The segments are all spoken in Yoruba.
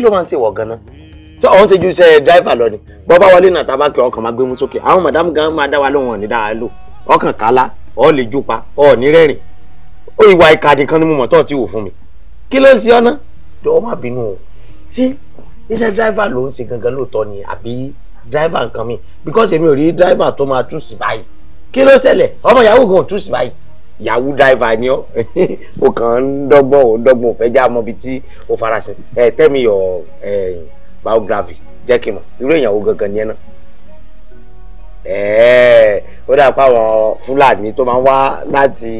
kí ló máa ń ṣe wọ̀ gan-an tí ọ̀hún ṣe ju iṣẹ́ dráìvà lọ ni bọ́bá wọlé náà tá kí ọkàn máa gbé mú sókè àwọn màdám gan máa dá wa lóhùn ọ̀ní dáa lò ọkàn kálá ọ̀ lè jó pa ọ̀ ní rẹ́rìn ó ìwà ìkàdì kan ni mo mọ̀ tó ti wò fún mi kí ló ń ṣe ọ́nà jọ̀wọ́ má bínú o ṣé iṣẹ́ dráìvà ló ń ṣe gangan lóòótọ́ ni àbí dráìvà nǹkan mi because èmi ò rí dráìvà tó máa tú sí báyìí kí ló ṣẹlẹ̀ ọmọ ìyàwó gan tú báyìí yahoo driver ni ọ o kàn ń dọ́gbọ́n ò dọ́gbọ́n ò fẹ́ já mọ́ ibi tí o farasin ẹ tell me your biography jẹ́ kí n mọ̀ irú èèyàn wo gangan ni ẹ náà ó dà pé àwọn fúlàní tó máa ń wá láti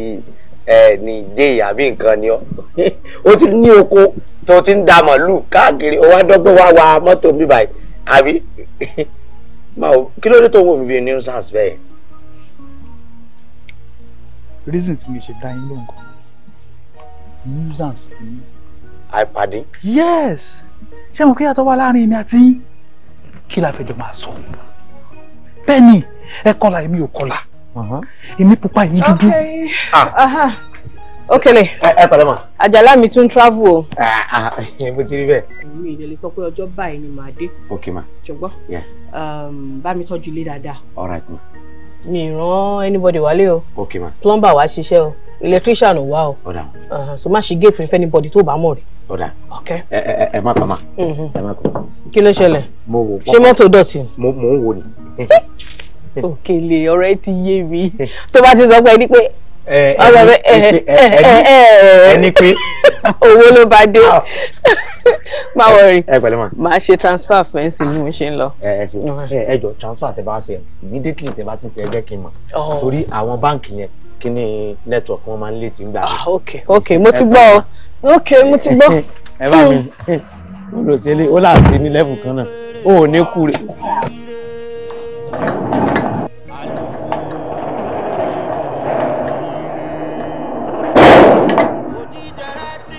nìjẹ́ àbí nǹkan ni ọ́ ó ti ní oko tó ti ń da màlúù káàkiri ó wá dọ́gbọ́n wá wa mọ́tò mi báyìí àbí kí ló dé tó wò mí bí ní sars bẹ́ẹ̀ reason tí mi ṣe dá yín lóhùn kan nuisance ni. àìpàdé. yes ṣé mo kí yàtọ̀ wá láàrin mi àti yín kí la fẹjọ́ máa sọ bẹ́ẹ̀ ni ẹ kọlà èmi ò kọlà uh-huh. èmi pupa èmi dúdú. Okele. Ah. Ẹ pẹ̀lẹ́ ma. Àjàlá mi tún travel o. Ah, ah, mo ti rí bẹ́ẹ̀. Mi ì lè sọ pé ọjọ́ báyìí ni màá dé. Ok ma. Ṣùgbọ́n um, bá mi tọ́jú ilé dáadáa. All right ma mi ràn anybody wálé o. ok ma. plumber wá ṣiṣẹ́ o electrician ò wá o. huh. so má ṣe gate fún anybody to bá mọ̀ rí. ọ̀dà. ok. ẹ ẹ ma pa ma. ẹ má pa ma. kí ló ṣẹlẹ̀. mo wò pọ ṣé mọ́tò dọ̀tí. mo mo wo ni. Okay le ẹ ye yé mi tó bá ti sọ pé ẹni pé eh. ẹ ẹ ẹ ẹ ẹni pé owó ló bá dé. má wọrí ẹ pẹ̀lẹ́ ma máa ṣe transfer fẹ́ǹsì bí mo ṣe ń lọ. ẹ jọ transfer tẹ bá ṣe immediately tẹ bá ti ṣe ẹ jẹ́ kí n mọ̀ oh. torí àwọn báǹkì yẹn kí ni network wọn máa ń lè ti ń gbà. ok ok mo ti gbọ́ ok mo ti gbọ́. ẹ bá mi ó hmm. lọ sí ilé ó là sí ní level kan náà ó ò ní kúre.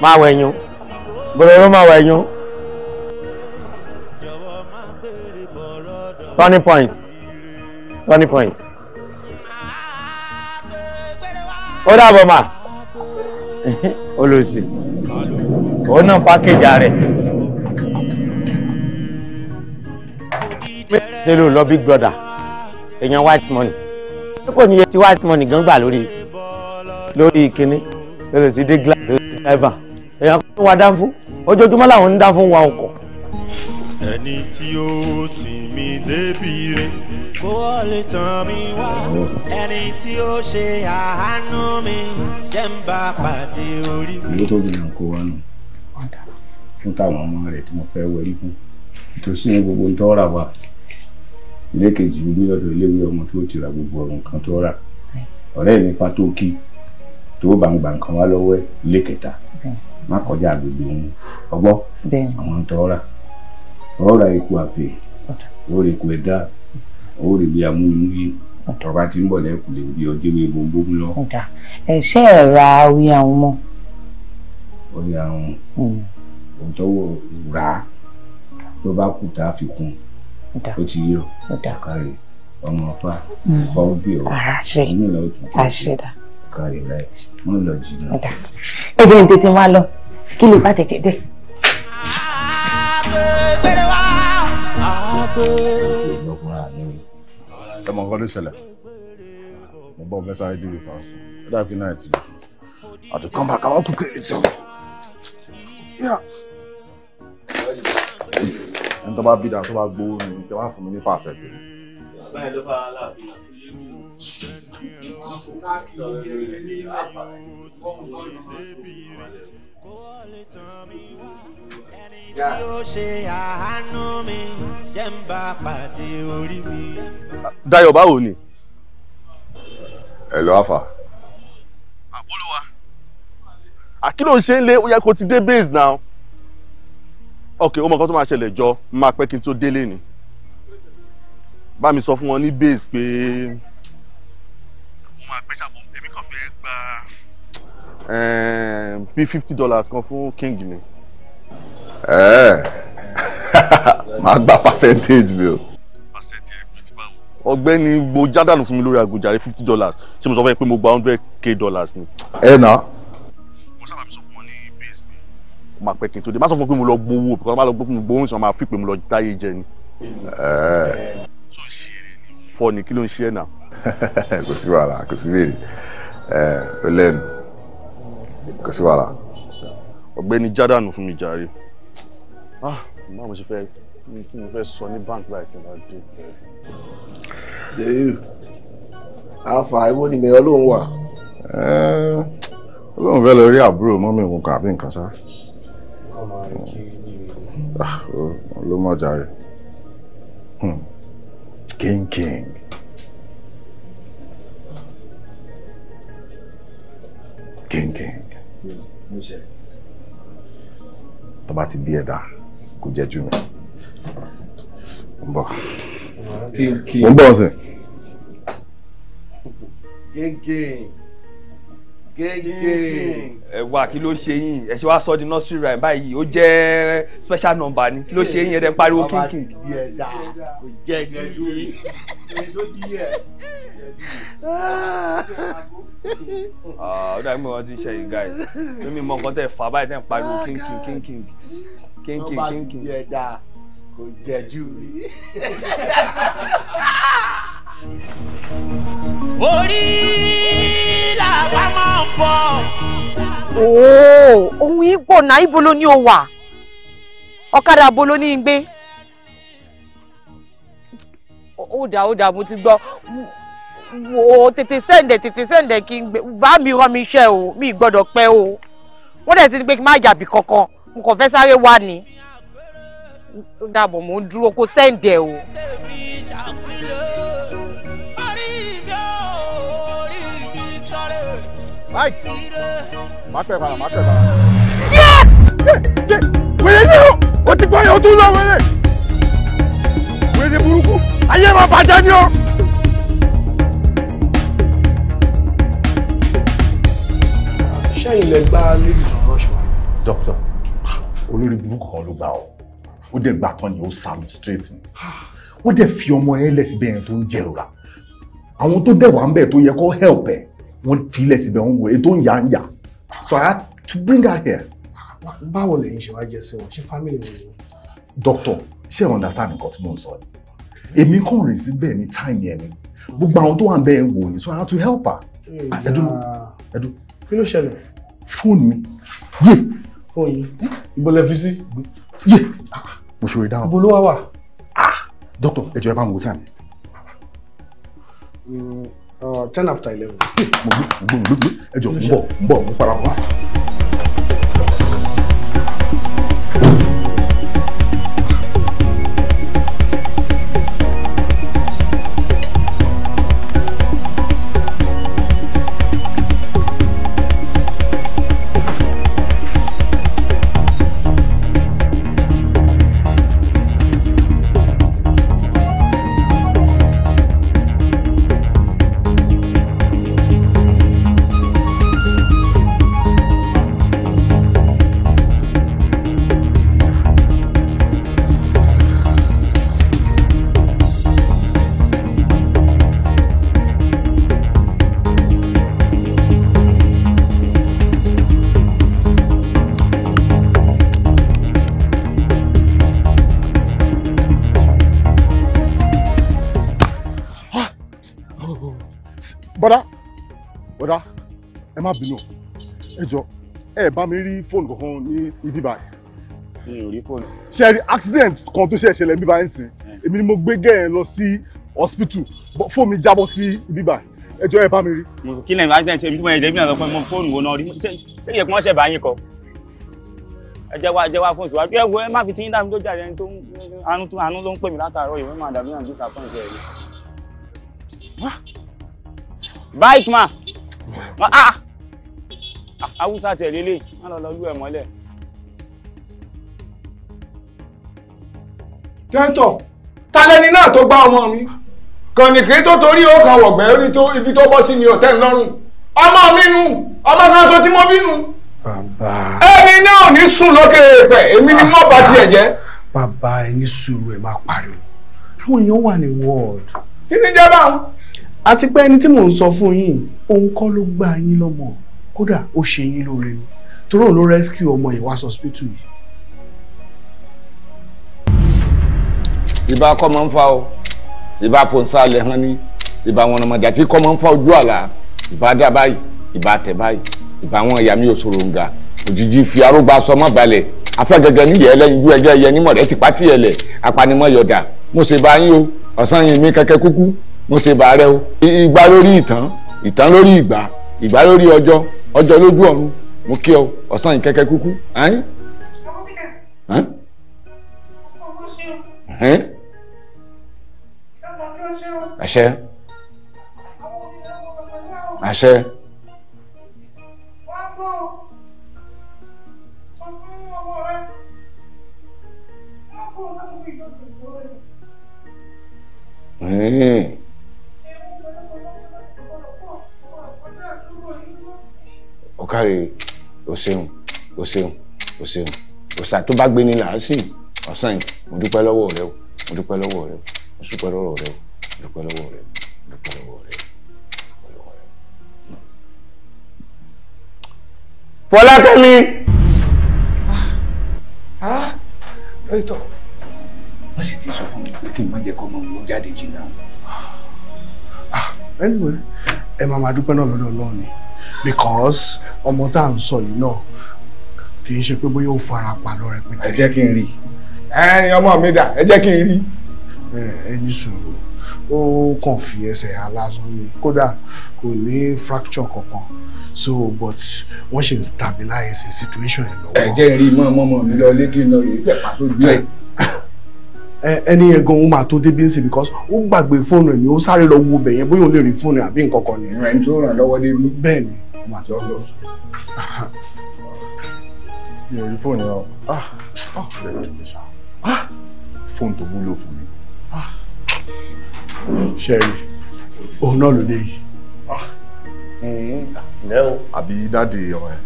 máa wẹ̀yìn o bọ̀rọ̀ ló máa wà ẹ̀yún. turning point turning point. ó dàbọ̀ mà olùsì òun náà pákéjì rẹ̀. ṣe ló lọ big brother èèyàn white money tí kò níye tí white money gan gbà lórí lórí ìkíní lórí ti dé glass lórí driver èèyàn kò tún wá dáńfó ojoojúmọ́ làwọn ń dá fún wa ọkọ̀. ẹni tí ó sìn mí débi re kó lè tàn mí wá ẹni tí ó ṣe àánú mi jẹ́ ń bá pàdé orí mi. owó tó gbìyànjú kó wá nù fún táwọn ọmọ rẹ̀ tí wọ́n fẹ́ wẹrí fún ìtòsí ní gbogbo ń tọ́ra wa ilé kejì ń gbé iléèwé ọmọ tó ti ra gbogbo ọ̀rọ̀ nǹkan tó rà ọ̀rẹ́ mi fatókì tó bàǹgbà nǹkan wá lọ́wọ́ ilé kẹta má kọjá àgbègbè òun ọgbọ́ àwọn tọ́ ra ọ̀rọ̀ ikú àfẹ́ ọ̀rọ̀ ikú ẹ̀dá ọ̀rọ̀ ìgbé amúnimúyí tọba tí ń bọ̀ lẹ́kùn lè rí ọjọ́ ìwé gbogbo lọ. ẹ̀ṣẹ́ ẹ̀ ra orí àwọn mọ́. orí àwọn òtọ́wọ́ hmm. rà á ló bá kù tá a fi kún ó ti yọ kárí ọmọ ọfà ọfà hmm. ó bì ọ àṣẹ àṣẹ dá kárí rẹ wọn lọ jìnnà. ẹ jẹ́ ní tètè máa lọ kí lè bá tètè dé. ẹ mọ nǹkan ló ṣẹlẹ̀ mo bọ́ mẹ́sà id with us ẹ dà pé náà ti lọ àti come back àwọn kúkẹ́ ètò. ẹni tó bá bídà tó bá gbowó ni ẹ wá fún mi ní pàṣẹ tèmi. báyìí ló kó báwo ni. Hello Alfa. àbúlùwà. àkìlò ṣe ń lé ó yẹ kó ti dé base now. ok ó mọ nǹkan tó máa ṣẹlẹ̀ jọ máa pẹ́ kí n tó délé ni bá mi sọ fún wọn ní base pé. mo máa gbé ṣàbò èmi kàn fẹ́ gba. Ehm, bí fifty dollars kan fún king mi. Eh. máa gba percentage mi o. ọ̀gbẹ́ni mo jádànù fún mi lórí àgùjàre fifty dollars ṣé mo sọ fún ẹ pé mo gba hundred k dollars ni. ẹ nà. mo sábà mi sọ fún wọn ní base mi. mo máa pẹ́ kí n tó dé má sọ fún mi pé mo lọ gbowó because má lọ gbowó mo gbowó ìṣàn máa fi pé mo lọ dáyé jẹ ni. Eh. fọ ni kí ló ń ṣe ẹ̀ náà. kò sí wàhálà kò sí wèrè ẹ eh, lẹ́nu kò sí wàhálà. ọ̀gbẹ́ni jádàánù fún mi jàre ah, báwo mo ṣe fẹ́ kí mo fẹ́ sọ ní bank báyìí tí wọ́n dé. dèyí àfà ìwọ ni mẹ́rin ọlọ́run wà. ọlọ́run fẹ́ lọ rí àbúrò mọ́mí òun kàbí nǹkan ṣá. Ah, ló mọ̀ jàre hmm. king king. King king tó bá ti bí ẹ̀dá kò jẹ́ jù mí ń bọ̀ ń bọ̀ sí gègé. ẹ wá kí ló ṣe yín ẹ ṣe wá sọ di nursery rhyme báyìí ó jẹ special number ni kí ló ṣe yín ẹ dẹ ń pariwo kínkìn. bàbá ti di ẹ dá kò jẹ níyì. Ah, ó dàbí wọn ti ń ṣe yìí guys lómi mọ nǹkan tẹ fà báyìí tẹ ń pariwo kínkìn kínkìn kínkìn kínkìn. kò jẹ jù. orí ohun igbó náà ibo ló ní o wà ọ̀kadà bo ló ní í gbé ó dà ó dà mo ti gbọ́ wo tètè sẹ́ǹdẹ̀ tètè sẹ́ǹdẹ̀ kí n gbé bá mi wá mi iṣẹ́ o mi gbọ́dọ̀ pẹ́ o wọ́n dẹ̀ ti ní pé kí n má yàbí kankan mo kàn fẹ́ sáré wá ni ó dàbọ̀ mò ń dúró kó sẹ́ǹdẹ̀ o. báyìí má pẹ́ padà má pẹ́ padà. wèrè ni o o ti gbọ́ yẹn o tún lọ wèrè wèrè burúkú ayé máa bàjẹ́ ni o. sẹ́yìn lè gba lady tó ń rọ́ṣọ̀ wa. dókítà olórí burúkú kan ló gbà ọ́ ó dẹ̀ gbà tán ni ó sá lọ straight ni wọ́n dẹ̀ fi ọmọ ẹ lẹ́sìn bẹ́ẹ̀ tó ń jẹ̀rora àwọn tó dẹ̀ wà ń bẹ̀ tó yẹ kó help ẹ̀ wọ́n filẹ̀ síbẹ̀ wọ́n wò ètò ń yà ń yà so I had to bring her here. báwo lẹ́yìn ṣe wá jẹ sí wọn ṣé family wọn doctor ṣé ẹ understand nǹkan tí mò ń sọ ni èmi kàn rìn síbẹ̀ ní time yẹn ni gbogbo àwọn tó wà ń bẹ́ẹ̀ wò ni so I had to help her. ẹdun ẹdun. kí ló ṣẹlẹ̀. fóònù mi yé. fóònù yìí ìbọlẹ̀ fi sí. yé mo ṣòro dáhùn. ibo ló wá wà. Ah! doctor ẹ jọ̀ọ́ ẹ bá mi wo time. Mm. Uh, ten after eleven. mo gbé mo bọ mo bọ mo para bọ́dá bọ́dá ẹ má bínú ẹ jọ ẹ bá mi rí fóònù kankan ní ibi báyìí. mi ò rí fóònù. ṣe rí accident kan tó ṣe ṣẹlẹ̀ níbi báyìí sìn eh. èmi ni mo gbé gẹ́ẹ̀ lọ sí hospital fóònù mi jábọ́ sí ibi báyìí ẹ jọ ẹ bá mi rí. kí lẹ́yìn accident ṣe ibi tí mo yẹ jẹ́ bí fóònù wo náà rí ṣé ìyẹn kí ṣẹ̀ bá kọ ẹ jẹ́ wá ẹ jẹ́ wá fún ìṣòwò ẹ wo ẹ má fi tí yín dàmí bike ma ah, ah. awúsá tẹ̀ lélẹ̀ má lọ lọ́lú ẹ̀ mọ́lẹ̀. kẹ́ńtọ̀ ta lẹni náà tó gbá ọmọ mi kànìkì tó torí ó kan wọ̀gbẹ́ ibi tó bọ́ sí mi ọ̀tẹ́ ńlọ́rùn ọmọ mi nu ọmọ kan sọ tí mo bí nu. ẹni náà ní sùn lókè pẹ̀ èmi ni wọ́n bá tiẹ̀ jẹ́. Baba, ẹni sùúrù ẹ máa pariwo àwọn èèyàn wà ní wọ́ọ̀dù. kí ni jẹ́ báwọn àti pé ẹni tí mò ń sọ fún yín òun kọ́ ló gbá yín lọ́mọ kódà ó ṣe yín lóore ni torí òun ló rescue ọmọ ìwà hospital yìí. ìbá kọ́ máa ń fa o ìbá fòǹsà lẹ̀ hàn ní ìbá wọn ọmọdé àti kọ́ máa ń fa ojú àlà ìbá dá báyìí ìbá tẹ̀ báyìí ìbá wọn ìyá mi ò sọ̀rọ̀ ǹga òjijì fi arógbá sọmọ balẹ̀ afẹ́gẹ́gẹ́ níyẹ̀ ẹlẹ́yin ju ẹjẹ́ ẹyẹ nímọ̀ rẹ̀ ti pátí apanimọ̀ yọ̀dà mo ṣe bá yín o ọ̀sán yìí mi kẹ́kẹ́ kúkú mo ṣe bàárẹ̀ o ìgbà lórí ìtàn ìtàn lórí ìgbà ìgbà lórí ọjọ́ ọjọ́ lójú ọ̀run mo kí ọ ọ̀sán yìí kẹ́kẹ́ kúkú. àṣẹ àṣẹ. Hey. o káre o ṣeun o ṣeun o ṣeun òṣà tó bá gbé ní làásìn ọ̀sán yìí mo dúpẹ́ lọ́wọ́ rẹ o mo dúpẹ́ lọ́wọ́ rẹ o mo dúpẹ́ lọ́wọ́ rẹ o mo dúpẹ́ lọ́wọ́ rẹ o mo dúpẹ́ lọ́wọ́ rẹ o. Fọlákẹ́mi. Ah, ah, lóòótọ́ wọ́n sì ti sọ fún mi pé kí n má jẹ́ kó ọmọ mi jáde jìnnà. ẹnu ah, ẹ máa máa dúpẹ́ náà lọ́dọ̀ Ọlọ́run ni because ọmọ tá à ń sọ yìí náà kì í ṣe pé bóyá ó fara pa lọ rẹpẹtẹ. ẹ jẹ́ kí n rí ẹyin ọmọ mi dà ẹ jẹ́ kí n rí. ẹ sùúrù ó kàn fi ẹsẹ̀ aláṣọ mi kódà kò ní fracture kankan so but wọ́n ṣe ń stabilize situation ẹ̀ lọ́wọ́. ẹ jẹ́ n rí mọ́ ọmọ mi lọ lẹ́gìn náà yìí fẹ́ pàtó ju ẹ̀ ẹni yẹn gan òun máa tó débi nsìn because ó gbàgbé fóònù ẹ̀ ni ó sáré lọ wo bẹ̀yẹn bóyá òun lè rí fóònù àbí nǹkan kan nìyẹn. ẹni tó ràn lọ́wọ́ dé bẹ́ẹ̀ ni mo àti ọ̀dọ́ mi ò rí fóònù yẹn o bẹ̀rẹ̀ mi sá fóònù tó wúlò fún mi ah. ṣẹ́ẹ̀rì òun náà ló dé yìí. Ah. Hmm. ǹlẹ́ o àbí dáàdi ọ̀rẹ́.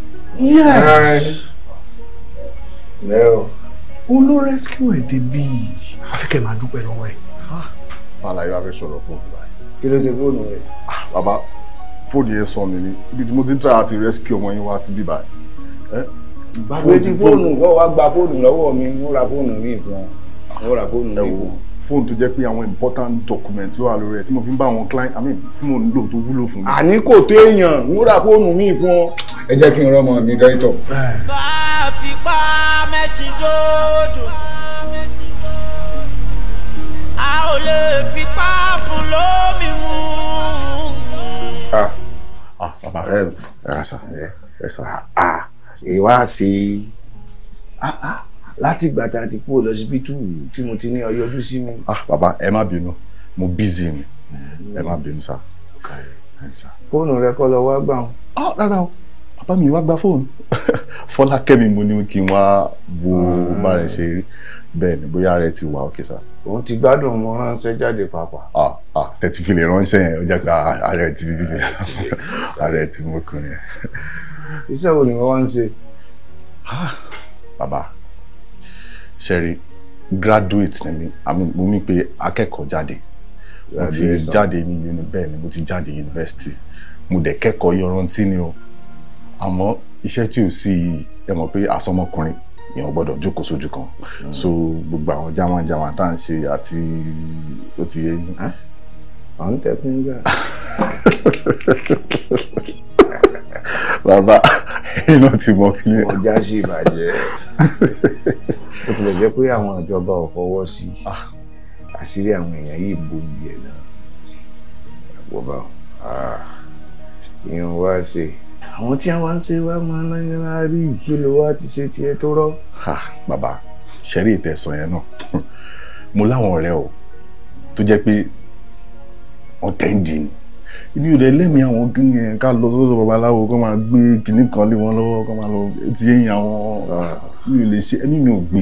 ǹlẹ́ o. òun ló rescue ẹ̀ débi àfikẹ́ máa dúpẹ́ lọ́wọ́ ẹ̀. Ah. bàálà yóò fẹ́ sọ̀rọ̀ fóònù báyìí. kí ló ṣe fóònù rẹ̀. bàbá fóònù yẹn sọnù ni ibi tí mo ti ń try àti rescue ọmọ yín wá síbí báyìí. gbàgbé ti fóònù kọ́ wá gba fóònù lọ́wọ́ mi mo ra fóònù mi fún mo ra fóònù mi fún. fóònù tó jẹ́ pé àwọn important documents ló wà lórí ẹ̀ tí mo fi ń bá àwọn client i mean tí mo ń lò tó wúlò fún mi. àní kò tó èèyàn mo ra fóònù mi fún ọ ẹ jẹ́ kí n rọ́mọ mi dọ́ítọ̀. bá a fi pa mẹ́sìn dóòdù a ò lè fipá fún lómi mu. Ah bàbá rẹ rasa ẹsà a èyí wá ṣe ah, ah. láti ìgbà tá a ti kúrò lọ́sibítù tí mo ti ní ọ yọjú sí mi. Ah, bàbá ẹ má bínú mo bízì ni ẹ má bínú sá. fóònù rẹ kọ́ lọ wá gbà wọn. rárá o bàbá mi wá gba fóònù fọlákẹ́mi mo ní kí n wá bo bá rẹ ṣe rí bẹ́ẹ̀ ni bóyá rẹ ti wà ókè sá. òun ti gbádùn mo ránṣẹ́ jáde pàápàá tẹ̀tí fi lè ránṣẹ́ yẹn ó jẹ́ pé ààrẹ ti ààrẹ ti mú kun yẹn. iṣẹ́ wo ni wọ́n wá ń ṣe? bàbá ṣẹ́rí graduate ni mi i mean mo mi pé akẹ́kọ̀ọ́ jáde mo ti jáde ní uni bẹ́ẹ̀ ni mo ti jáde university mo dẹ̀ kẹ́kọ̀ọ́ yọrantí ni o àmọ́ iṣẹ́ tí ò sí yìí ẹ mọ̀ pé àsọmọkùnrin èèyàn gbọ́dọ̀ jókòó sójú kan mm. so gbogbo àwọn jámánjámán tá à ń ṣe àti ó ti yẹ yín à ń tẹkùn gbà. bàbá ẹ̀yin náà ti mọ kílẹ̀. ọjà sì bàjẹ́ ó tilẹ̀ jẹ́ pé àwọn ìjọba ò fọwọ́ sí àṣírí àwọn èèyàn yìí bo iye náà àgbọ̀bá ìyẹn wá ṣe àwọn tí wọ́n ń ṣe wá máa ń lọ́yìn láàárín ìkìlọ̀ wá ti ṣe tiẹ̀ tó rọ́. bàbá ṣẹ́rí ìtẹ̀sán yẹn náà mo láwọn ọ̀rẹ́ o tó jẹ́ pé ọ̀tẹ̀ ń dì ní ibi ò dẹ̀ lẹ́mìí àwọn kíni yẹn ká lọ sọ́dọ̀ babaláwo kó máa gbé kinní kan lé wọn lọ́wọ́ kó máa lọ ti yẹ̀yìn àwọn ah. mi ò lè ṣe ẹ̀mí mi ò gbé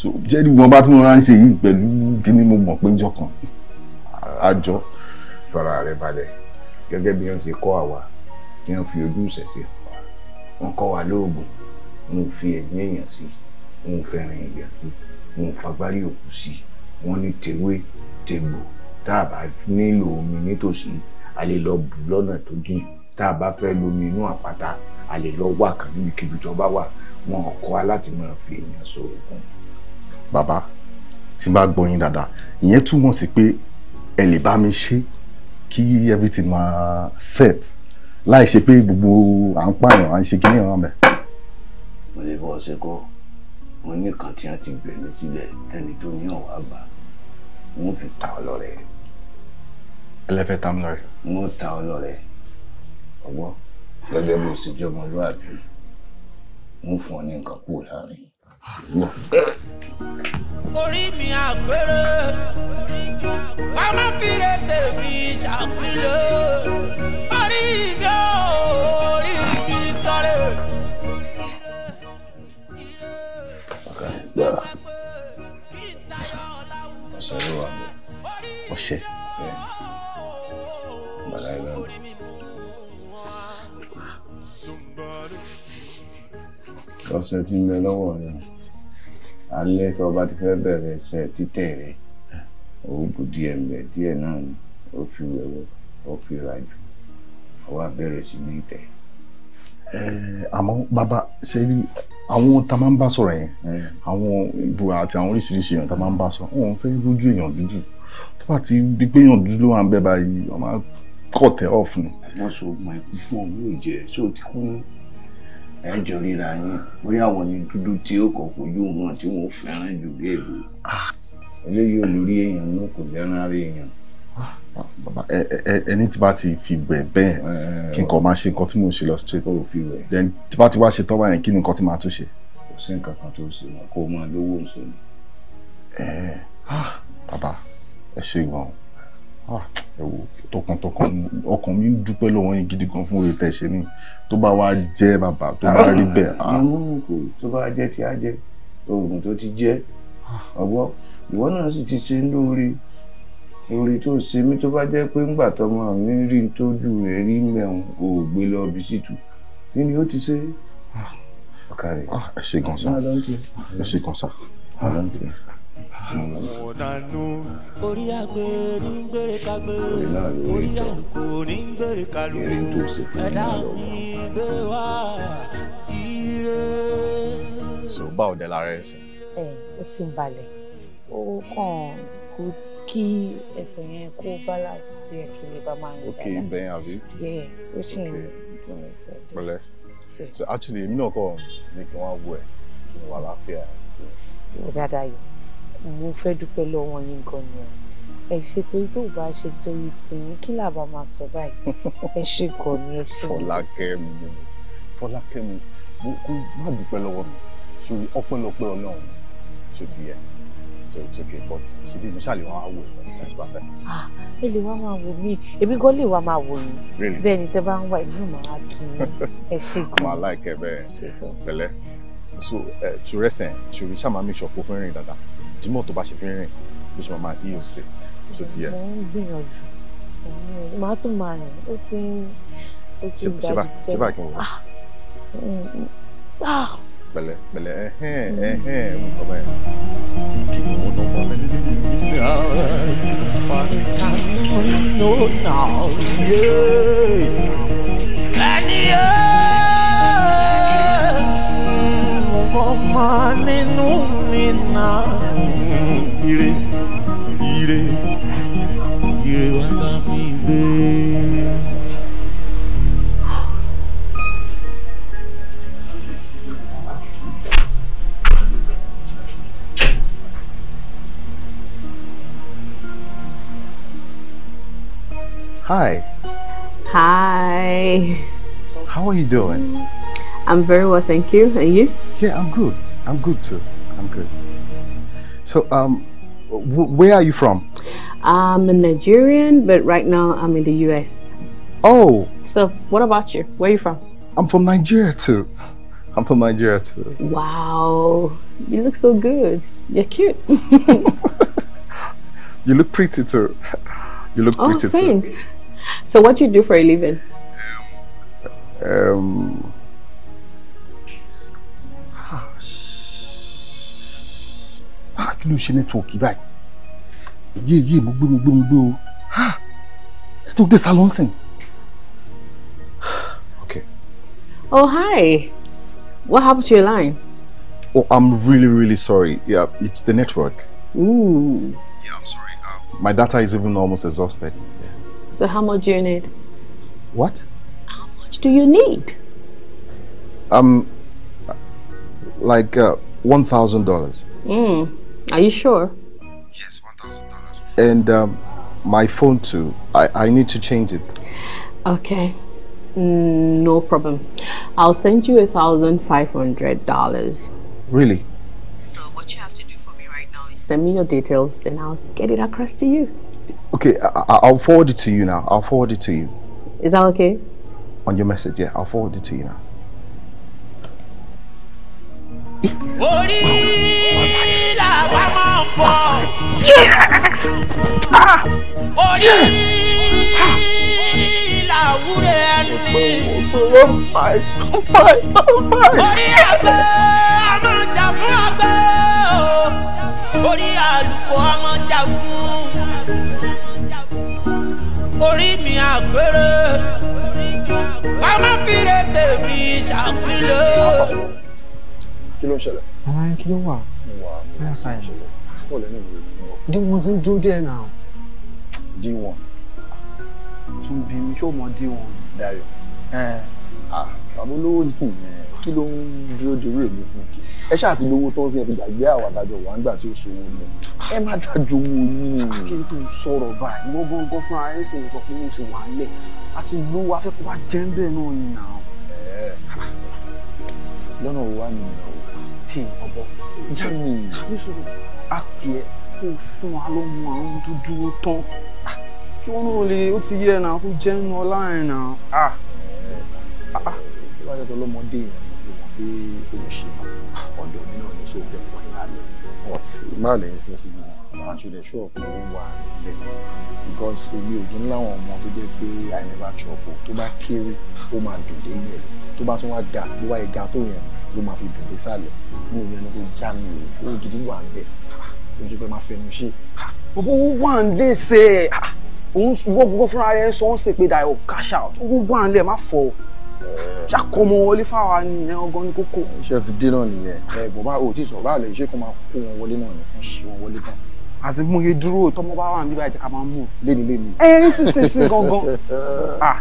so jẹ́ ní wọn bá tí mo máa ń ṣe yìí pẹ̀lú kíní mo mọ̀ pé jọ kan àjọ. fara rẹ balẹ̀ gẹ́gẹ́ bí wọ́n ṣe kọ́ àwa tí wọ́n fi ojú ṣẹ̀ṣẹ̀ pa wọ́n kọ́ wa lóògùn wọn fi ẹ̀gbẹ́ èèyàn sí wọn fẹ́ràn èèyàn sí wọn fagbárí òkú sí wọn ní tewé tegbò tá a bá nílò omi nítòsí a lè lọ bù lọ́nà tó jìn tá a bá fẹ́ lomi inú àpáta a lè lọ wà kan níbikíbi tó bá wà wọn ò kọ́ láti máa fi èèyàn sọ̀rọ̀. bàbá tí n bá gbọ́ yín dáadáa ìyẹn túmọ̀ sí pé ẹ lè bá mi ṣe kí everything máa set láì ṣe pé gbogbo à ń pààyàn à ń ṣe kí ní ìran mẹ́. mo lè bọ́ ọ̀sẹ̀ kọ́ mo ní kan tí wọ́n ti gbẹ̀mí sílẹ̀ tẹ́ni tó ní ọ̀wá bá wọ́n fi ta ọ lọ́rẹ̀ẹ́ ẹlẹ́fẹ́ tá mi lọ́rẹ̀ sí. mo ta ọ lọ́rẹ̀ ọgbọ́ gẹ́gẹ́ bó ṣe jẹ́ ọmọlúwàbí mo fún ọ ní nǹkan kúrò láàrin. orí mi àpérè wàá má fi rètè mi ṣàpilẹ̀. aṣọ tí ń bẹ lọ́wọ́ rẹ alẹ́ tó o bá ti fẹ́ bẹ̀rẹ̀ ẹsẹ̀ títẹ̀ rẹ o bù díẹ̀ mbẹ̀ díẹ̀ náà o fi wẹ̀wọ̀ o fi rajú o wá bẹ̀rẹ̀ sí ní tẹ̀. àmọ́ bàbá ṣe rí àwọn tá a máa ń bá sọ̀rọ̀ yẹn àwọn ìbò àti àwọn oríṣiríṣi èèyàn tá a máa ń bá sọ wọn fẹ́ rójú èèyàn dúdú tó bá ti di pé èèyàn dúdú ló wà ń bẹ báyìí wọn máa kọ̀ tẹ́ ọ̀ fún un. wọ́n sọ ọmọ ẹ̀kú fún ọmọ ìjẹ́ sóò tí kú ní ẹ jọ ríra yín bóyá àwọn ni dúdú tí ó kọ kojú wọn tí wọn ò fẹ́ràn jù bí èbò eléyìí olórí èèyàn náà kò lẹ́ran ara èèyàn. bàbá ẹni tí bá ti fi wẹ̀ bẹ́ẹ̀ kí n kàn máa ṣe nǹkan tí mò ṣe lọ straight. kó o fi wẹ̀. then tí bá ti wá ṣe tọ́wọ́ yẹn kí ni nǹkan tí màá tún ṣe. kò sí nǹkan kan tó ṣe wọn kó o máa lówó nsọ ni. ẹ ẹ bàbá ẹ ṣe gan-an. Ah, ẹ wo tọkàntọkàn ọkàn mi ń dúpẹ́ lọ́wọ́ yín gidi gan fún oore tẹ̀ ṣe mí tó bá wá jẹ́ bàbá tó bá rí bẹ́ẹ̀. Ah. tó bá jẹ́ tí a jẹ oògùn tó ti jẹ́ ah. ọgbọ́n ìwọ náà sì ti ṣe lóore oore tó ṣe mí tó bá jẹ́ pé ńgbà tọmọ mi rí tójú rẹ̀ rí mẹ́rin ò gbé lọ bísítù kí ni ó ti ṣe ọkà rẹ̀. ẹ ṣe gan sa ẹ ṣe gan sa so báwo dé lára ẹsẹ. ẹ ó ti ń balẹ̀ ó kàn kó kí ẹsẹ̀ yẹn kó balance díẹ̀ kí lè bá máa ń gbà. ok ibẹ̀ àbí. yẹ ó ṣì ń dùn ẹ̀ tí ó dé. so actually èmi náà kọ ní kí wọn wọ ẹ kí wọn wà láàfíà. mo dáadáa yìí mo fẹ́ dúpẹ́ lọ́wọ́ yín gan ni o ẹ ṣe torí tó bá ṣe torí tí ń kí làbá máa sọ báyìí ẹ ṣe kọ ni ẹ ṣe. fọlákẹ́mi fọlákẹ́mi kú má dúpẹ́ lọ́wọ́ mi sórí ọpẹ́lọpẹ́ ọlọ́run ṣó ti yẹ so it's okay but ṣebí mo ṣàlè wọn á wò ẹ níta fẹ. ah ẹ lè wá máa wò mí èmi gan lè wá máa wò yín bẹ́ẹ̀ ni tẹ́ bá ń wá ìlú màá kí ẹ ṣe gan. màá láìkẹ bẹ́ẹ̀ pẹ̀lẹ́ so ṣùrẹsẹ eh, ṣùrẹsà máa mi ṣọpọ fún ìrìn dáadáa dìímọ̀ tó bá ṣe fi rìn ló ṣe máa yí òsè tó ti yẹ. mo ń gbìyànjú màá tó máa rìn ó ti ń ó ti ń dájú tẹ́lẹ̀. ṣé bá kí n wò ó. pẹ̀lẹ́ pẹ̀lẹ́ ẹhẹn ẹhẹn kí ni mo dọgbọn mi ní ní ní ní ní ní ní ní. ire ire ire Hi. Hi. How are you doing? I'm very well, thank you. And you? Yeah, I'm good. I'm good too. I'm good. So, um, where are you from? I'm a Nigerian, but right now I'm in the U.S. Oh. So, what about you? Where are you from? I'm from Nigeria too. I'm from Nigeria too. Wow, you look so good. You're cute. you look pretty too. You look oh, pretty thanks. too. thanks. So, what do you do for a living? Um, kí ló ṣe nẹ́tíwọ̀kì báyìí èyí èyí mo gbé mo gbé mo gbé o ha network dey salon sìn. okay. oh hi what happened to your line. oh i'm really really sorry yeah it's the network. ooh. yeah i'm sorry um, my data is even almost exhausted. so how much do you need. what. how much do you need. um like uh, one thousand dollars. Mm. Are you sure? Yes, $1,000. And um, my phone too. I, I need to change it. Okay. Mm, no problem. I'll send you a thousand five hundred dollars. Really? So what you have to do for me right now is send me your details, then I'll get it across to you. Okay, I, will forward it to you now. I'll forward it to you. Is that okay? On your message, yeah. I'll forward it to you now. Yes. Ah. máa ń bọ̀. orí làwúrẹ́ ẹni. orí Oh my máa jà fún àgbẹ̀ o orí àlùkò a máa jà fún orí mi àpérè ká má fi rè tèmi ṣàpilẹ̀ kí ló ń ṣẹlẹ̀. bàbá yẹn kí ló wà. wà á bẹ́ẹ̀ sáyẹn. wọ́n lè ní ìwé mi lọ. di wọn ti ń dúró díẹ̀ náà. di wọn. tún bí mi ṣó mọ di wọn. Dayọ̀. ẹ ah bàbá olówó yìí kí ló ń dúró dúró èmi fún kí ẹ ṣáà ti gbowó tó ń sìn ẹ ti gbàgbé àwọn adájọ́ wà ń gbà tí ó sowó lọ ẹ má dájú owó yìí. akéwì tó ń sọ̀rọ̀ báyìí wọ́n gbọ́ngàn fúnra ẹ̀ sì ń sọ pé mo ti wà ń lẹ̀ àti lówó afẹ́kọ̀ọ́ wa jẹ́ ń bẹ̀ náà yìí náà. lọ́nà wo nìyẹn o ṣe ìbọ̀bọ̀ jami kàmíṣòro àpìẹ́ kó fún wa ló mú àwọn dúdú tọ́ ah, kí wọ́n náà lè ó ti yẹ ẹ̀nà kó jẹ́ ń lọ láàrin náà. ẹ ẹ ẹ wáyé tó lọ́mọdé pé olùṣèlú ọ̀dọ̀ mi náà ní sọ fẹ́ pọ̀ ní alẹ́ má lè fẹ́ sí mi máa tún ọ̀pọ̀ owó wa bẹ́ẹ̀ because èmi ò dín láwọn ọmọ tó jẹ́ pé àìní bá ṣọ̀pọ̀ tó bá kéré ó máa dùn dé yẹn tó bá tún wá ga bó wáyé ga tó yẹn ló máa fi dùn dé sálẹ̀ mi ò yẹn ni kò já mi ò owó gidi wà ń bẹ̀ ó jẹ́ pé máa fẹnu ṣe. owó wà ń lè ṣe òun wọ́n gbogbo fúnra rẹ̀ sọ ń ṣe pé dayọ̀ cash out owó wà ń lè má fọ̀ ọ́ ṣàkọmọ wọlé fáwa nìyẹn ọgọ́ ní kókó. iṣẹ́ ti dé náà nìyẹn ẹ bọ̀bá ò tí sọ̀rọ̀ báàlẹ̀ iṣẹ́ kan máa kó wọn wọlé náà ni wọ́n ṣe wọn wọlé tán. àti mo ye dúró tọmọ bá wà níbà ìjẹka máa ń mú. léni léni. ẹ ń sì ṣe sí gangan. Ah.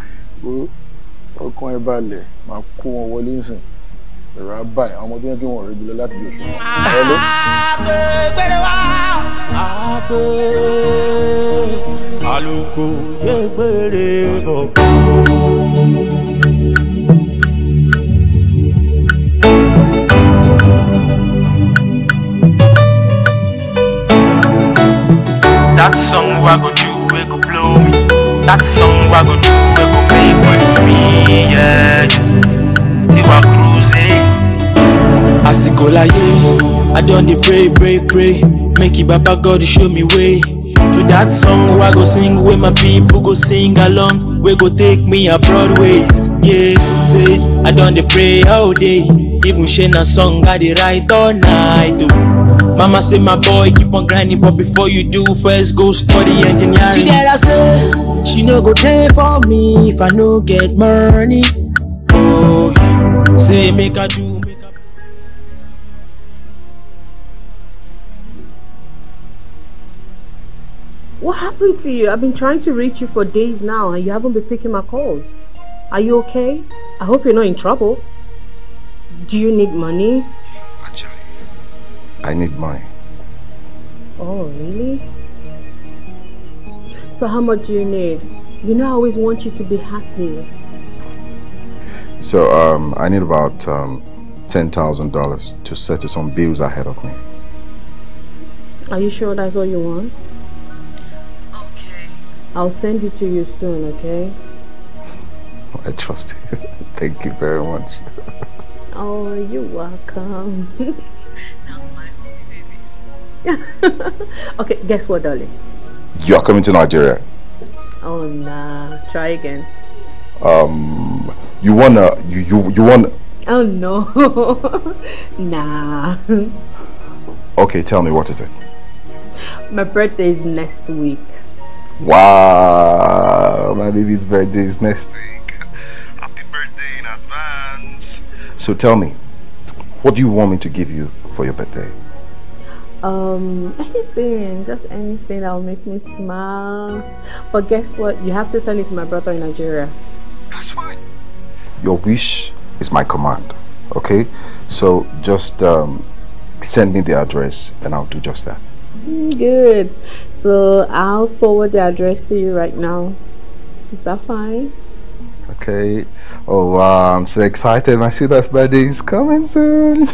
ọkàn ẹ balẹ̀ máa kó wọn wọlé nsìn ẹ̀rọ abáyé àwọn ọmọ tó yẹn kí wọ́n rẹ̀ jùlọ láti bí oṣù wọn. àgbẹ̀gbẹ̀rẹ̀ wa That song wa go do, we go blow me. That song wa go do, we go make with me, yeah. See what àsìkò láyé i don dey pray pray pray make baba god show me way to that song wey i go sing wey my people go sing along wey go take me abroad ways yeah say i don dey pray all day even shey na song i dey write all night o. Oh. Mama say my boy keep on grinding, but before you do, first go study engineering. She did I say she no go train for me if I no get money. Oh yeah, say make I do What happened to you? I've been trying to reach you for days now and you haven't been picking my calls. Are you okay? I hope you're not in trouble. Do you need money? Actually, I need money. Oh, really? So how much do you need? You know I always want you to be happy. So, um, I need about um, $10,000 to settle some bills ahead of me. Are you sure that's all you want? I'll send it to you soon, okay? I trust you. Thank you very much. oh, you're welcome. now smile for me, baby. okay, guess what, darling? You're coming to Nigeria. Oh nah, try again. Um, you wanna, you you you wanna. Oh no, nah. Okay, tell me what is it. My birthday is next week. Wow, my baby's birthday is next week. Happy birthday in advance. So tell me, what do you want me to give you for your birthday? Um, anything, just anything that will make me smile. But guess what? You have to send it to my brother in Nigeria. That's fine. Your wish is my command, okay? So just um, send me the address and I'll do just that. Mm, good so i'll forward the address to you right now is that fine okay oh wow i'm so excited my sweetheart's birthday is coming soon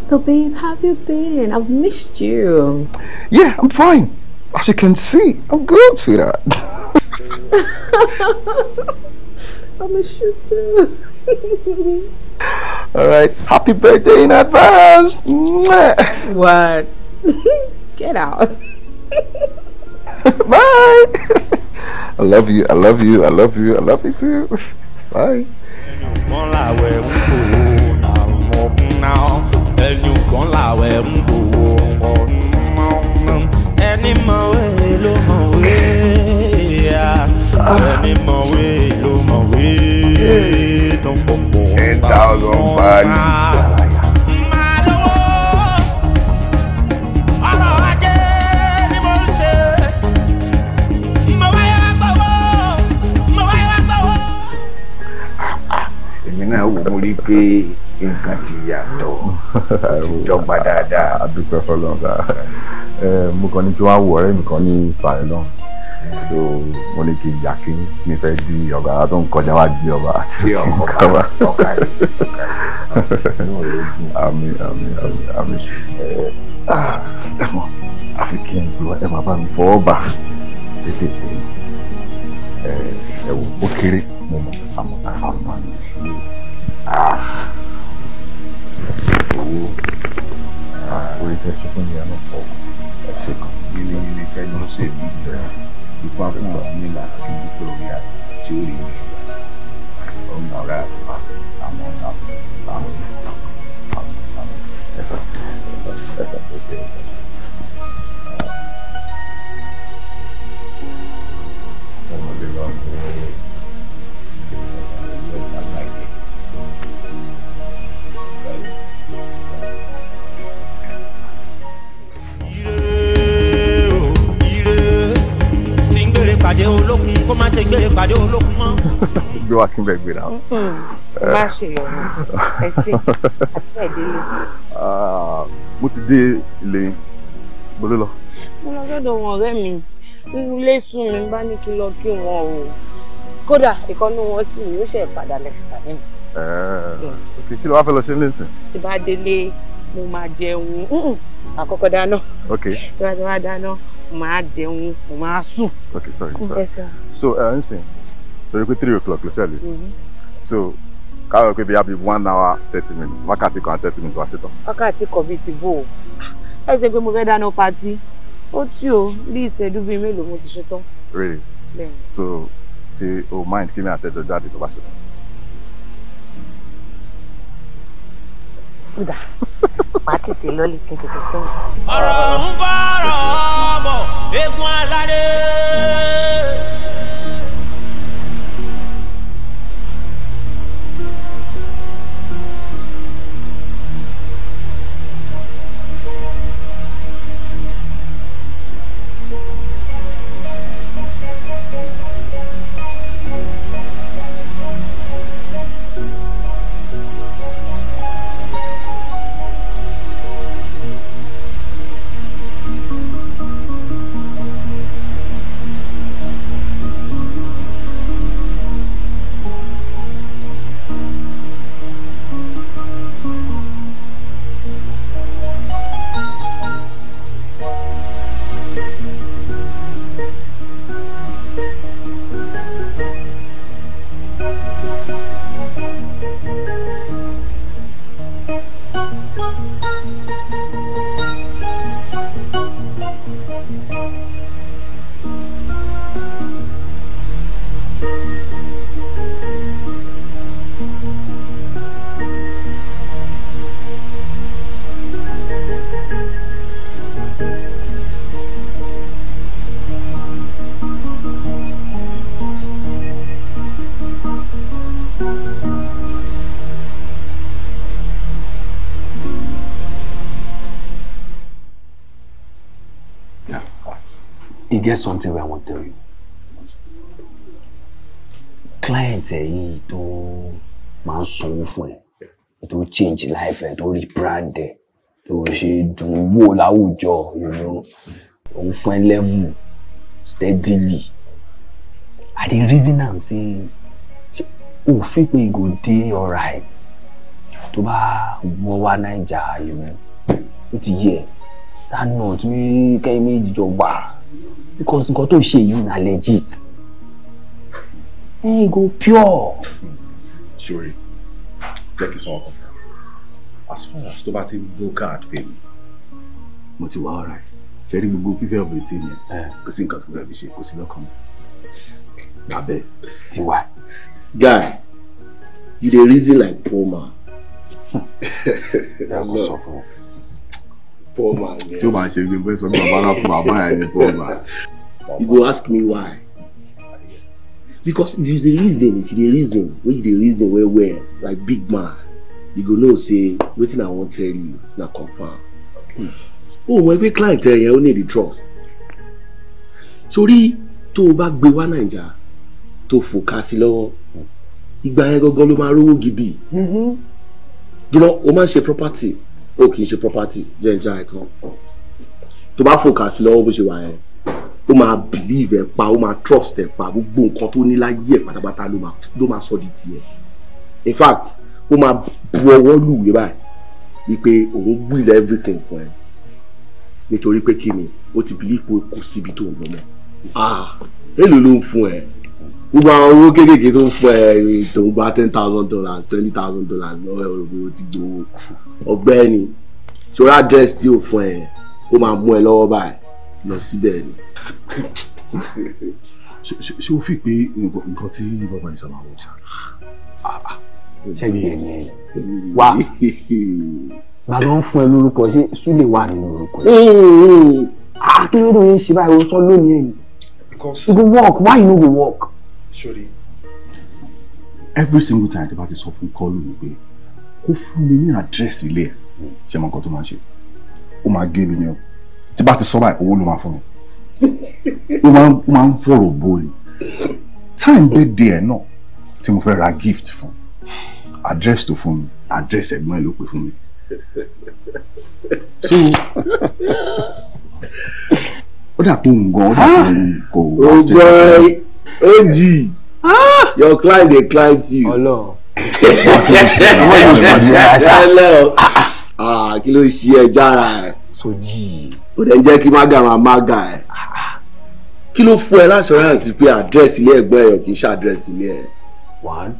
so babe how have you been i've missed you yeah i'm fine as you can see i'm good sweetheart i miss you too All right. Happy birthday in advance. What? Get out. Bye. I love you. I love you. I love you. I love you too. Bye. thousand paálí. èmi náà wò mo rí i pé nǹkan ti yàtọ̀ ti dọ́gba dáadáa. a dúpẹ́ fọlọ́ọ̀gá mo kàn ní kí wọ́n á wọ ọ̀rẹ́ mi kan ní sàrẹ́ náà so mo ní kí n yà kí mi fẹ́ di ọba tó ń kọjá wá di ọba àti ọba ọkà yìí àmì àmì àmì àmì ẹ mọ àfi kí n gbọ́ ẹ má bá mi fọwọ́ bà tètè ẹ ẹ wò ó kéré mo mọ àmọ́ àmọ́ àmì owó orí tẹ̀sí fún mi ẹ̀ náà pọ̀ ẹ̀ ṣe kàn. yìnyín yìnyín kẹ́ni ó ṣèlú ìjọba. Ifá fún àwọn nílà kí dúpẹ́ orí àti tí ó rí ní ìgbà ọ̀nà ọ̀rá àwọn ọ̀nà àwọn ọ̀nà àwọn ọ̀nà ẹ̀sà ẹ̀sà ẹ̀sà ẹ̀sà ẹ̀sà. gbére pàdé olókun mọ́. gbé wá kí n bẹ gbé náà. má mm-hmm. ṣe yọ̀nà ẹ ṣe àti ẹ̀dínlẹ̀. mo ti dé ilé gbólé lọ. mo lọ sọ́dọ̀ wọn ọ̀rẹ́ mi ilé sùn mi bá ní kí n lọ kí wọn o kódà ìkọ́nú wọn sì ni ó ṣe padà lẹ́fẹ̀ pàdé mi. òkè eh, kí ló wá fẹ́ lọ ṣe ń lè sìn. ti bá délé mo máa jẹun àkọ́kọ́ dáná. ok. tí wàá ti wá dáná mo máa jẹun mo máa sùn. ok sorry sorry so ẹ ń sìn lórí pé three o'clock ló ṣẹlẹ̀ mhm. so káyọ̀ pé bíyà one hour thirty minutes wákàtí kan thirty minutes wá ṣetán. wákàtí kan bíi ti bò ó ẹ ṣe pé mo fẹ́ dáná patí ó tí o bí ìṣẹ́jú bíi mélòó mo ti ṣetán. really so ṣe o mind kí ni àtẹ̀jọ́ jáde tó bá ṣetán. kùdà máa tètè lọ́lé kí n tètè sọ́wọ́. ọ̀rọ̀ ń there's something I want to tell you. Client eh, to man, máa fun, to change life eh, to rebrand eh, to tó do dùn wò job, you know, on ẹ level steadily. I the reason I'm saying, oh, feel pé e go dey alright tó bá wọ́ wá Naija you know, it's here. that note mi kẹ́yìn make jọ wà because nǹkan tó ṣe yìí na legit ẹ go pure. sorry jẹ́ kí sọ ọkàn as far as tó bá ti broker at fẹ́ mi mo ti wá ọ̀rá ẹ̀ ṣe rí gbogbo fífẹ́ ọ̀bẹ tí yẹn eh. kò sí nǹkan tó fẹ́ fi ṣe kò sí lọ́kàn mi abẹ́ ti wá. guy you dey reason like poor man. Hmm. ẹ kò sọ fún mi tí ó bá ń ṣe gbé bẹ́ẹ̀ sọ pé bàbá náà fún bàbá yẹn poor man. you go ask me why because if you dey reason if you dey reason wey you the reason where where like big man you go know say wetin i won't tell you na confam hmm. Oh, mọ ẹgbẹ client ẹ yẹn ó need trust Sorry, to back be one wá to focus fòkà sí lọ́wọ́ ìgbà yẹn gangan ló máa gidi Mhm. You know, Oman ṣe property ó kì í ṣe property jẹ́ ìjà ẹ̀kan tó bá fòkàsí lọ́wọ́ bó ṣe wà yẹn ó máa believe ẹ̀ pa ó máa trust ẹ̀ pa gbogbo nǹkan tó ní láyé ẹ̀ pátápátá ló máa sọ di tiẹ̀ in fact ó máa bu ọwọ́ lùwé báyìí wípé òun will everything fún ẹ nítorí pé kí ni ó ti believe pé kò síbi tó ń lọ mọ́ ah èlò ló ń fún ẹ gbogbo àwọn owó kéékèèké tó ń fún ẹ tó ń gba ten thousand dollars twenty thousand dollars lọ́wọ́ ẹ̀rọ pé o ti gbowó ọgbẹ́ ni sórí address tí o fún ẹ ó máa mú ẹ lọ́wọ́ báyìí lọ síbẹ̀ ni. ṣé o fi pé nǹkan tí bàbá yìí sábà wọ̀ ṣá. ṣẹ́yìn ẹ̀yìn ẹ̀yìn wá bàbá ń fún ẹ lórúkọ ṣé súlè wà nínú orúkọ yìí. Hmm, hmm, hmm. akérèdọ́yìn ah, ṣe báyìí o sọ lónìí ẹ̀yìn. you go work why you no go work sórí. every single time tí bá ti sọ fún kọ́lù mi pé kó fún mi ní àdírẹ́sì ilé ẹ̀ ṣe mọ nǹkan tó máa ṣe ó máa gé mi ni o tí bá ti sọ báyìí owó ló máa fún mi ó máa ń fọ̀rọ̀ bó ni time birthday ẹ̀ náà tí mo fẹ́ ra gift fún àdírẹ́sì tó fún mi àdírẹ́sì ẹ̀gbọ́n ẹ̀ ló pè fún mi so ó dà pé òun gan ó dà pé òun kò wá oh, straight og ah. your client dey client you. ọlọ ah, kí ló ṣe ẹ jára ẹ ó dẹ̀ jẹ́ kí mága máa mága ẹ kí ló fún ẹ láṣọránsì pé àdírẹ́sì ilé ẹ̀gbọ́n ẹ̀yọ̀ kì í ṣe àdírẹ́sì ilé ẹ̀. one.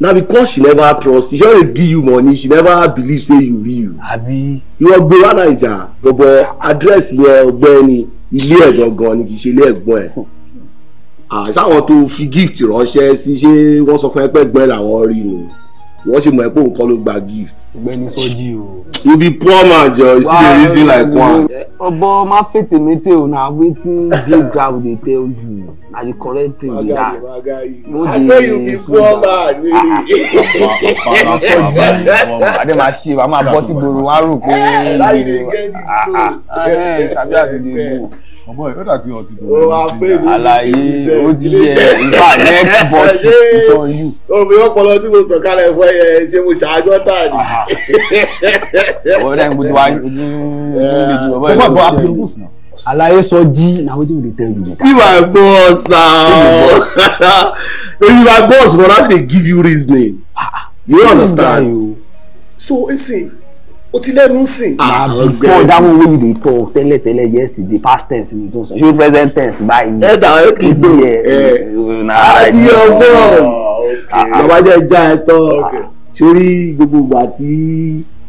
na because she never trust she only give you money she never believe say you real. you. ìwọ gbé wàhálà ìjà gbogbo àdírẹ́sì yẹn ọgbẹ́ni ilé ẹ̀ gangan ni kì í ṣe ilé ẹ̀gbọ́n ẹ̀ àṣàwọn ah, tó fi gift ránṣẹ́ sí ṣé wọ́n sọ fún ẹ pé gbẹ́ làwọn rí ni wọ́n ṣe mọ̀ ẹ́ pé òun kọ́ ló gba gift. ọ̀gbẹ́ni sọjí o. you be poor man jọ you still dey reason like one. Eh, ọbọ má fètè mété o na wetin dey ground dey tell you na the correct thing be that. no dey i say you be poor man really. ọ̀nà sọjí adé máa ṣe wa máa bọ́ sí gbòòrò wa rò pé. Ah, ah, eh, sáyé dey get it bro. ṣàbí àti dey go ọmọ ẹ ó dàbí ọtí tó lọ ti àlàyé ó ti yẹ ìfà next but is on you. omi ọpọlọ tí mo sọ kálẹ̀ fún ẹ ṣé mo ṣàájọ́ tà ní. ọmọ náà mo ti wá ojú ojú lè ju ọmọ ẹ lọ sí ẹ àlàyé sọ jí na wetin we dey tell you. see my boss now no be my boss but i dey give you reasoning you understand. so see ó ti lẹ́nu sìn. before that one wey you dey talk tẹ́lẹ̀ tẹ́lẹ̀ yesterday past tense ni tó sọ present tense báyìí. ẹ dà ó kì í dùn ẹ àbí ọgbọ́n bàbá jẹ́ já ẹ tán sórí gbogbo ìgbà tí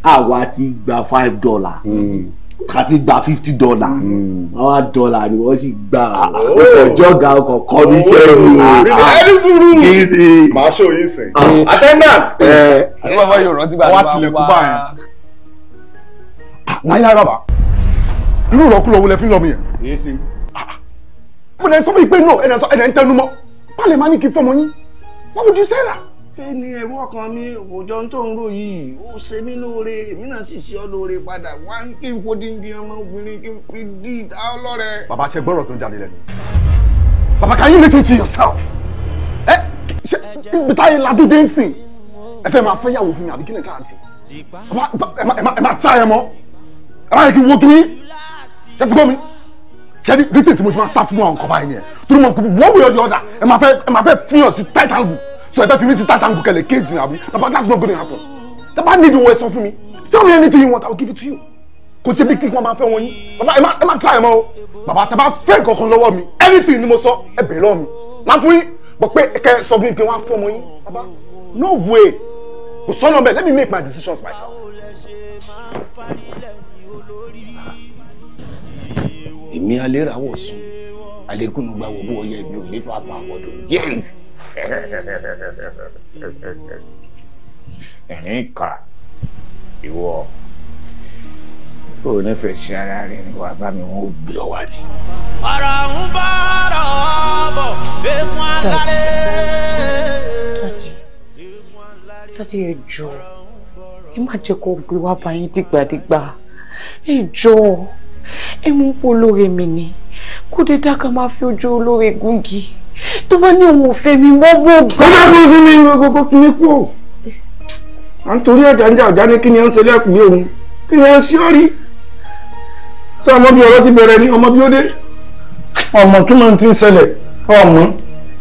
àwa ti gba five dollar àti hmm. gba fifty dollar one hmm. dollar ni wọ́n sì gba ọjọ́ ga ọkọ̀ kọ́míṣẹ́ ni ẹni ah, ah. sùúrù gidi màá ṣòyìn sìn ah. attendant ẹ àwọn ọmọ yorùbá ti bá a ti lè kú báyìí láyé ah, lára bá irú ìrọ̀kúrò wo lẹ fi ń lọ mi yẹn. èyí ṣe. Ah, ah. mo lè sọ fún ìpè náà ẹ̀dá ẹ̀dá ń tẹnu mọ́ pálẹ̀ máa ní kí would you say that. ṣé ni ẹ̀rú ọkàn mi òjò tó ń rò yìí ó ṣe mí lóore èmi náà one king ọ́ lóore padà wá kí n fò díndín ọmọbìnrin kí n fi dí ìta ọlọ́rẹ. bàbá can you listen to yourself Eh, ṣe ibi táyé dancing. If I'm sìn ẹ fẹ́ me fẹ́ yàwó fún mi àbí kí ni káàntì ẹ ẹ má yẹ kí n wojú yín ṣe ti gbọ́ mi ṣe ni reason tí mo ti máa sá fún àwọn nǹkan báyìí nìyẹn torí mo wọ́n wúyọ̀ di ọ̀dà ẹ máa fẹ́ ẹ máa fẹ́ fihàn sí tight angle so ẹ fẹ́ fi mí sí tight kẹlẹ̀ kéèjì ní àbí bàbá that's not gonna happen tẹ bá nídìí owó ẹ sọ fún mi tell me anything you want I will give it to you kò sí bí kí wọn máa fẹ́ wọn yín bàbá ẹ má ẹ má try ẹ mọ́ o bàbá tẹ bá fẹ́ kankan lọ́wọ́ mi anything ni mo sọ ẹ bẹ̀rẹ̀ lọ́wọ́ mi má fún yín bọ̀ pé kẹ sọ fún mi pé wọ́n á fọ́ ọmọ yín bàbá no way kò sọ́nà bẹ́ẹ̀ let me make my decisions myself. èmi alérawọ̀ sùn alẹ́kùnúgba wọ̀wọ́ ọyẹ mi ò ní fàáfà àwọ̀dọ̀ yẹ́n. ẹ̀rín kà ìwọ ó nífẹ̀ẹ́ sí ara rẹ̀ ni wàá bá mi wọ́n gbé ọ wá ni. ọ̀rọ̀ ń bá ọ̀rọ̀ bọ̀ eégún aláré. dadi ẹ jọ̀ọ́ ẹ má jẹ́ kó gbé wá bá yín dìgbàdìgbà ẹ jọ̀ọ́ ẹ mú pọ olóore mi ni kó dé dáka máa fi ojú olóore gúngi tó bá ní òun ò fẹ́ mi mọ́ mọ́ gbọ́. ó dáa fún mi ní gbogbo kìíní kú o à ń torí ẹ̀jà ń jà ọ̀já ní kí ni ẹ ń ṣe lẹ́kùnlé òun kí ni ẹ ń ṣe ọ́ rí sọ ọmọ bí ọ̀rọ̀ ti bẹ̀rẹ̀ ni ọmọ bí ó dé ọmọ kí ló ti ń ṣẹlẹ̀ ọmọ.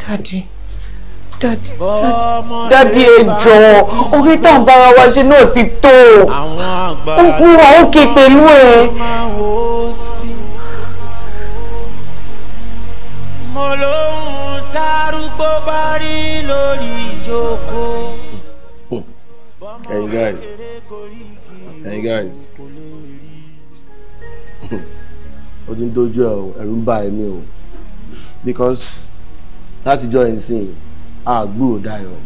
dáàdi dadi dadi ẹjọ orí tá à ń bára wa ṣe náà ti tó ó kún wa òkè pẹ̀lú ẹ. mo oh, Hey guys, hey guys, ó ti ń dojú ẹ̀rù ń bà ẹ̀mí o because láti jọ ẹ̀ ń sìn àgbúrò Dayọ̀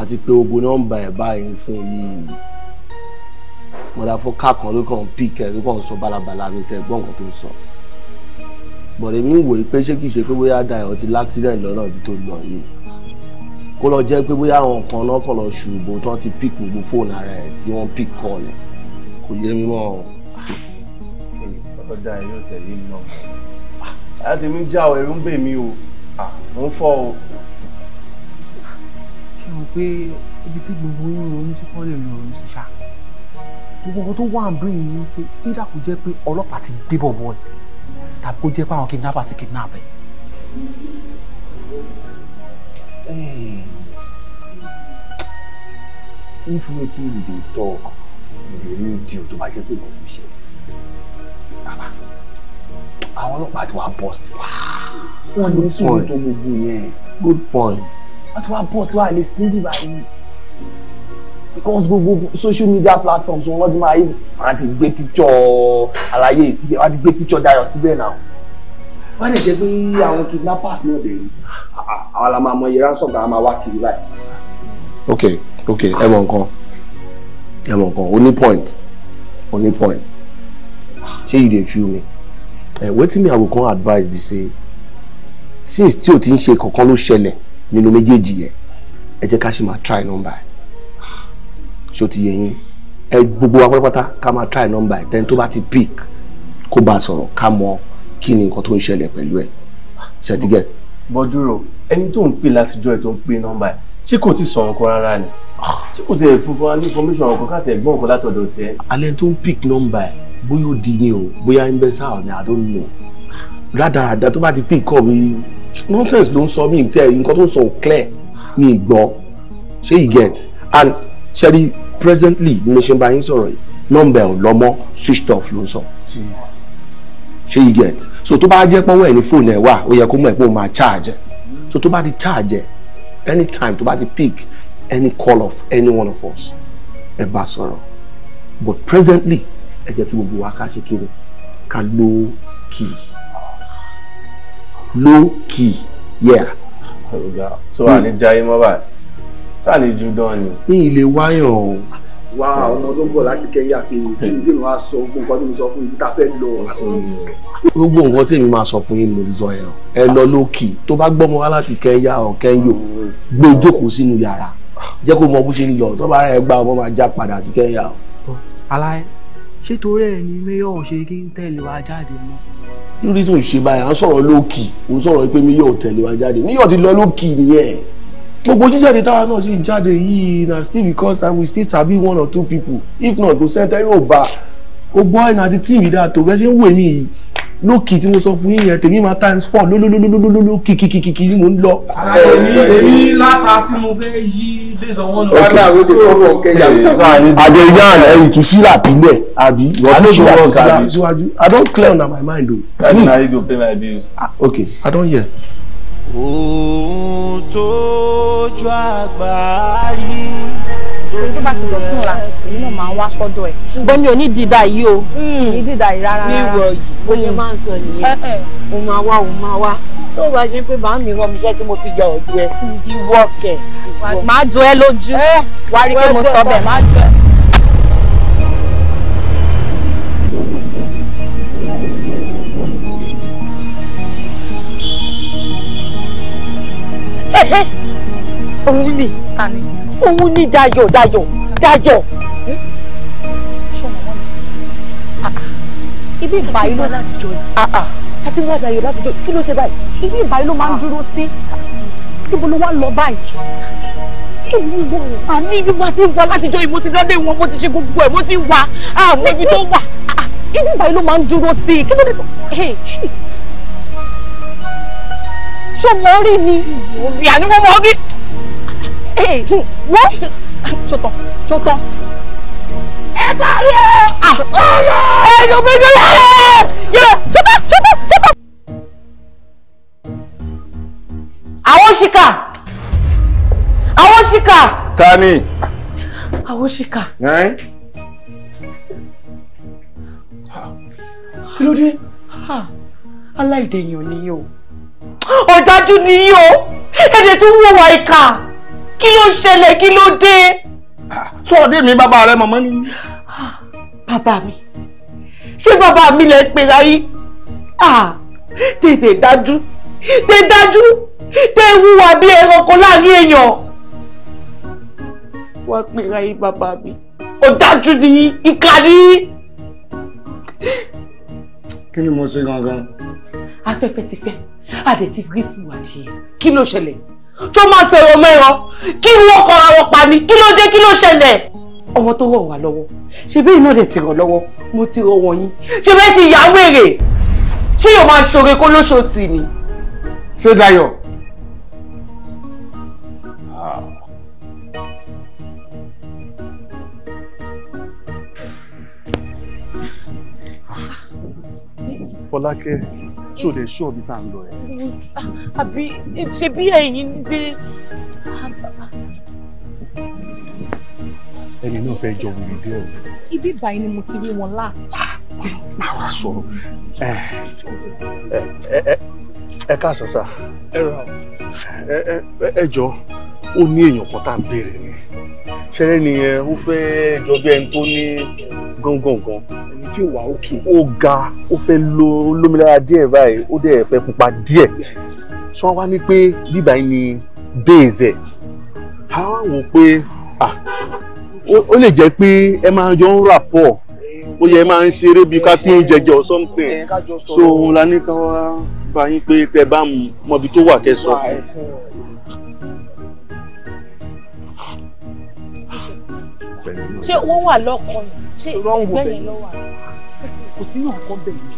àti pé ogun nọ́mbà ẹ̀ báyìí ń sìn yìí mọ̀dà fún kákan ló kàn ń pì kẹ́ ló kàn ń sọ bálabàla mi tẹ́ gbọ́n nǹkan tó ń sọ bọ̀dẹ̀ mi ń wòye pé ṣé kìí ṣe pé bóyá Dayọ̀ ti láksidẹ̀ntì lọ́nà ibi tó lọ yìí kó lọ jẹ́ pé bóyá àwọn kan náà kàn lọ ṣùgbò tó ti pík gbogbo fóònù ara ẹ̀ tí wọ́n pík kọ́ lẹ̀ kò yé mi mọ́ o. ọ̀dà ẹ̀ yóò tẹ̀lé mi náà. àti mi já ọ ẹ̀rù ń bè mí ṣe mọ̀ pé ibi tí gbogbo yín ronú sí kọ́ lè ronú sí ṣá gbogbo nǹkan tó wà ń bí yín ni pé either kò jẹ́ pé ọlọ́pàá ti gbé bọ̀bọ̀ ẹ̀ tàbí kó jẹ́ pé àwọn kidnapper ti kidnap ẹ̀. if wetin you dey talk be the real deal tó bá jẹ́ pé ìgbọ̀nù ṣe bàbá àwọn ọlọ́pàá ti wá bust wá wọ́n ní sùn good point wọ́n ti wá bọ̀ tí wàá lè sí bíbá yìí because gbogbo social media platforms wọn ti máa yí wọn ti gbé píkṣọ àlàyé síbẹ̀ wọn ti gbé píkṣọ Dayọ̀ síbẹ̀ náà wọ́n lè jẹ́ pé àwọn kidnappers náà dẹ̀ ní àwọn la máa mọ iye ransom tá a máa wá kiri báyìí. ok ok ẹ mọ nǹkan ẹ mọ nǹkan only point only point ṣé you dey feel me ẹ wetin me i go come advise be say since tí o ti ń ṣe kankan ló ṣẹlẹ̀ nínú méjèèjì yẹn ẹ jẹ́ ká sì máa try number ẹ̀ ṣó ti yẹ yín ẹ gbogbo wa pátápátá ká máa try number ẹ̀ tẹ́ni tó bá ti pick kó bá a sọ̀rọ̀ ká mọ kí ni nǹkan tó ń ṣẹlẹ̀ pẹ̀lú ẹ̀ ṣe ti gẹ̀. bọ́jú rò ẹni tó ń pè látijọ́ ẹ̀ tó ń pè nọ́mbà ẹ̀ ṣé kò ti sọ̀rọ̀ kan rárá ni ṣé kò tiẹ̀ funfun wa ní information ọ̀kan káàtì ẹ̀gbọ́n ọ̀kan látọ̀dọ̀ tiẹ̀. alẹ́ tó ń pick nọ́mbà ẹ̀ bóyá ó di ni o bóyá ń bẹ́ sáà ni I don't rádaràda tó bá ti pick kọ́ mi nonsense ló ń sọ mí tẹ nǹkan tó ń sọ ò clear mi gbọ́ ṣé you get and ṣẹ́ni presently bí mo ṣe ń bá yín sọ̀rọ̀ yìí nọ́mbà ẹ̀ lọ́mọ́ switch off ló ń sọ ṣé you get so tó bá jẹ́ pọ́wọ́ ẹ̀ ní fóònù ẹ̀ wà ó yẹ kó mọ̀ ẹ̀ pé ó máa charge so tó bá di charge ẹ̀ anytime tó bá di pick any call of any one of us ẹ bá sọ̀rọ̀ but presently ẹ jẹ́ kí gbogbo wa ká ṣe kiri ká ló kì low key yeah. tó wà ní jayé mọ́ báyìí sáà ní ju dán ni. ní ilé wáyàn o. wá ọmọ tó ń bọ̀ láti kẹ́yà fi mi kí ni kí ni wàá sọ gbogbo nǹkan tó ń sọ fún mi tá a fẹ́ lọ. gbogbo nǹkan tèmi máa sọ fún yín mo ti sọ yẹn ẹ lọ lókì tó bá gbọ́mọ wá láti kẹ́yà ọ̀ kẹ́yò gbé jókòó sínú yàrá jẹ́ kó mọ bó ṣe ń lọ tó bá rẹ̀ gba ọmọ máa já padà sí kẹ́yà. aláì ṣètò rẹ̀ ni mayor ṣe kí ń tẹ̀lé wa jáde mọ́ lórí tó ń ṣe báyìí à ń sọ̀rọ̀ lókì òun sọ̀rọ̀ pé mi yóò tẹ̀lé wa jáde mi yóò ti lọ lókì nìyẹn gbogbo jíjáde táwa náà sì jáde yìí na still because i will still sabi one or two people if not go center yóò bá gbogbo ẹ̀ na ti tíì rí dáa tó bẹ́ẹ̀ ṣe ń wè mí yìí lókì tí mo sọ fún yín yẹn tèmi máa times four lólólólólólóló kìkìkìkì ni mo ń lọ. èmi èmi láta tí mo fẹ́ yí dẹ́sán wọn lọ. ọ̀gá àwọn èdè kọ̀ọ̀kan kẹjà mi tẹ̀sán àní. adeyan ẹyìn tún sílà pínlẹ̀ àbí wọ́n sílà sílà síwájú i don clear una my mind o. that's na you go pay my bills. Ah, okay i don hear. ohun tójú àgbáyé. ojú bá ti dọ̀tún la èmi náà máa ń wá sọ́dọ̀ ẹ̀ gbọ́n mi ò ní dìda yìí o ní dìda yìí rárá rárá níwọ̀ yìí bó ṣe máa ń sọ nìyẹn mo máa wá mo máa wá tó bá ṣe pé màá mi rán mi iṣẹ́ tí mo fi yọ ọ̀dọ̀ ẹ ìwọ kẹ̀. màá jọ ẹ lójú wá rí pé mo sọ bẹ́ẹ̀ màá jọ ẹ. òun ni òun ni Dayọ̀ Dayọ̀ Dayọ̀. ibi ìbàyí ló àti wọn àdàyè láti jọ ah, ah. kí ló ṣe báyìí ibi ìbàyí ló máa ń dúró sí níbo ló wá lọ báyìí àní ibi wa ti ń wa láti jọ ìmọ̀ ti lọ́dẹ̀ wọn mo ti ṣe gbogbo ẹ̀ mo ti wà àwọn ibi tó wà ah, ibi ìbàyí ló máa ń dúró sí kí ló dé tó ṣó mọ orí ni ìyá ni mo mọ ọgí. wọ́n ṣòtọ̀ ṣòtọ̀ sáré ọ̀rọ̀ ẹ̀yọ́ gbẹ́gbẹ́ rẹ̀ yẹ ṣọ́bọ̀ ṣọ́bọ̀ ṣọ́bọ̀. àwọn ṣìkà àwọn ṣìkà. ta ni. àwọn ṣìkà. kí ló dé. aláìdèyàn ni yóò ọ̀dájú ni yóò ẹ̀dẹ̀ tó wọ̀ wá ìkà kí ló ṣẹlẹ̀ kí ló dé. Ah, sọ̀rọ̀ dé mi bàbá rẹ màmá ni bàbá mi ṣé bàbá mi lè pè ráyé tètè dájú tè dájú tè wúwa bí ẹranko láàrin èèyàn wá pè ráyé bàbá mi ọ̀dájú ni ìkà ni. kí ni mo ṣe gangan. afẹ́fẹ́ ti fẹ́ adẹ̀ ti rí fún wa jẹ́ kí ló ṣẹlẹ̀ tó máa fẹ̀rọ̀ mẹ́rọ kí wọ́n kọra wọn pa ni kí ló dé kí ló ṣẹlẹ̀ ọmọ tó rọ̀ wá lọ́wọ́ ṣe bẹ́ẹ̀ náà dẹ̀ ti rọ̀ lọ́wọ́ mo ti rọ̀ wọ̀nyí ṣe bẹ́ẹ̀ ti yà wèrè ṣé yóò máa ṣoore kó lóṣò tì ni. ṣé Dayọ̀ Fọlákẹ́ tí ò lè ṣó òbí tá à ń lọ ẹ. àbí ṣe bí ẹ̀yin bí ẹni náà fẹ́ jọ wùdí díẹ̀ ibi báyìí ni mo ti rí wọn last. má wàá sọ̀rọ̀ ẹ ẹ ẹ káàsán sá ẹ rà eh, eh, eh, ẹ jọ ó ní èèyàn kan tá à ń béèrè ni ṣẹlẹ̀ nìyẹn ó fẹ́ jọ bí ẹni tó ní gángan kan ẹni tí ò wà òkè. ó ga ó fẹ́ lo lómìnira díẹ̀ báyìí ó dẹ̀ fẹ́ pupa díẹ̀ sọ wá ní pé bíbáyìí ni bẹ́ẹ̀ zẹ̀ àwa wò pé ah ó lè jẹ́ pé ẹ máa jọ ń rà pọ̀ ó yẹ máa ń ṣeré bíi ká pín oúnjẹ jẹ or something so òun la ní ká wá bá yín pé tẹ́ bá mọbi tó wà kẹsàn ṣé wọ́n wà lọ́kọ̀ọ́ ṣé ẹgbẹ́ yẹn lọ́wọ́ kò sí yóò kọ́ bẹ̀rẹ̀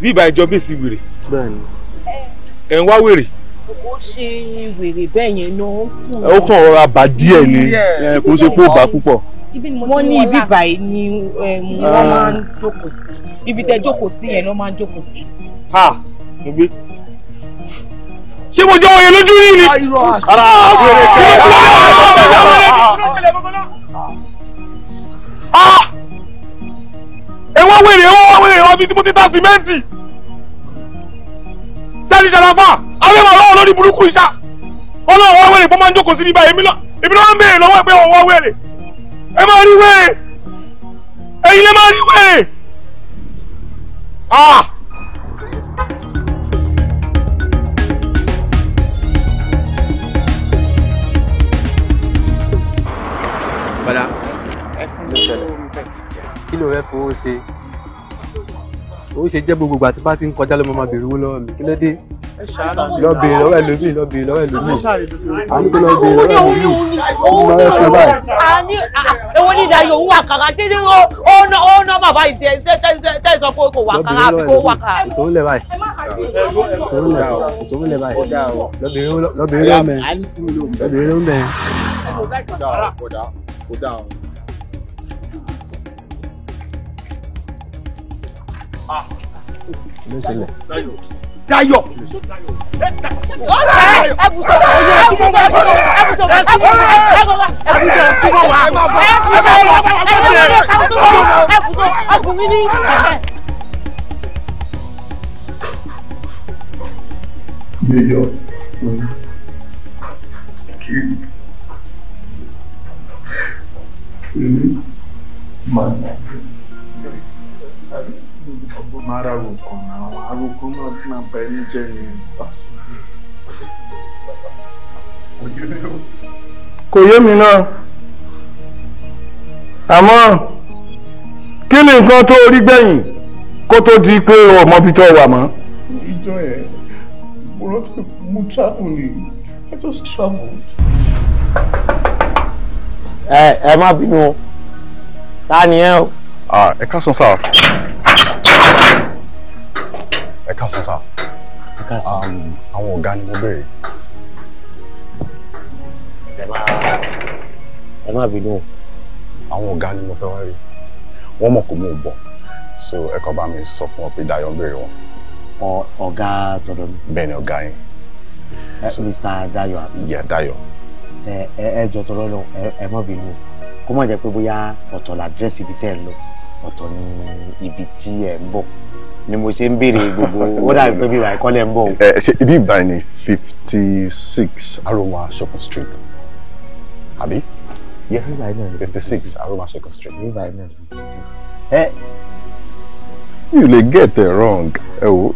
bí ìbá ìjọ bí èsì wèrè ẹ̀ ń wá wèrè ó ṣe wèrè bẹ́ẹ̀ yẹn náà ó kàn rọra bà díẹ̀ ni kò ṣe pé ó bà púpọ̀ wọ́n ní ibi báyìí ni wọ́n máa ń jókòó sí ibi tẹ́ jókòó sí yẹn ló máa ń jókòó sí. ha gbogbo ṣé mo jẹ́ oyè lójú yìí ni. Ah, ara àbúrò kẹ́ ah! ah! ẹ wá wèrè ẹ wá wèrè ẹ wá bí tí mo ti ta sìmẹ́ǹtì jáde jáde afa àwọn ọmọ ọlọ́wọ́ lórí burúkú ìṣá ọlọ́wọ́ wẹ̀rẹ̀ bó máa ń jókòó sí bíbá èmi lọ èmi ń béèrè lọ́wọ́ pé ọwọ́ wẹ̀rẹ̀ ẹ máa rí wẹ̀rẹ̀ ẹ̀yin lè máa rí wẹ̀rẹ̀ ah. padà kí ló fẹ́ fowó ṣe ó ṣe jẹ́ gbogbo àti bá ti ń kọjá ló máa bèrè owó lọ́wọ́ mi kí ló lọ́wọ́ ẹlòmíì lọ lọ́wọ́ ẹlòmíì àní kí lọ́wọ́ ẹlòmíì òun ni òun ni àní èwo ni ìdáyọ̀ òun àkàrà tí ní ó ná bàbá ìdí ẹ̀ tẹ́ sọ pé kò wà kàrà àbí kò wà kàrà. ìṣòro lẹ báyìí ìṣòro lẹ báyìí lọ bèrè lọ́wọ́ mẹ́ lọ bèrè lọ́wọ́ mẹ́. ló ṣẹlẹ̀. Dayọ̀. ọ̀rẹ́ ẹ̀bùsọ̀ ọ̀yẹ́ ẹ̀bùsọ̀ ẹ̀bùsọ̀ ẹ̀bùsọ̀ ẹ̀bùsọ̀ wa ẹ̀bùsọ̀ ẹ̀bùsọ̀ ẹ̀bùsọ̀ ọkùnrin ní. Dayọ̀ kiri kiri mana máa ra rògùn àwọn arógún náà máa bá ẹni jẹ́ yẹn pàṣẹ. kò yé mi náà àmọ́ kí ni nǹkan tó rí gbẹ̀yìn kó tó di pé ọmọ bíi tó wà mọ́. ìjọ yẹn mo rántí pé mo travel ni ẹ káàsán sá ẹ káàsán um, àwọn ọ̀gá ni mo béèrè. ẹ má ẹ má bínú. àwọn ọ̀gá ni mo fẹ́ wá rí wọ́n mọ̀ kó mú un bọ̀ so ẹ kàn bá mi sọ fún wọn pé Dayọ̀ ń béèrè wọn. ọ̀gá tọ̀dọ̀ mi. bẹ́ẹ̀ ni ọ̀gá yín. Mr. Dayọ̀ àbí. yẹ Dayọ̀. ẹ ẹ jọ tọrọ lọ ẹ má bínú kó má jẹ́ pé bóyá ọ̀tọ̀ làdírẹ́sì ibi tẹ́ ẹ lọ ọ̀tọ̀ ni ibi tí ẹ̀ ń bọ̀ ni mo ṣe ń béèrè gbogbo ó dàbí pé bíbá ìkọ́lẹ̀ ń bọ̀. ṣe ibi ìbàdàn ni fifty six aroma shopping street àbí. yẹ bíbá iná ni fifty six aroma shopping street. bíbá iná ni fifty six. you le get it wrong ẹ wo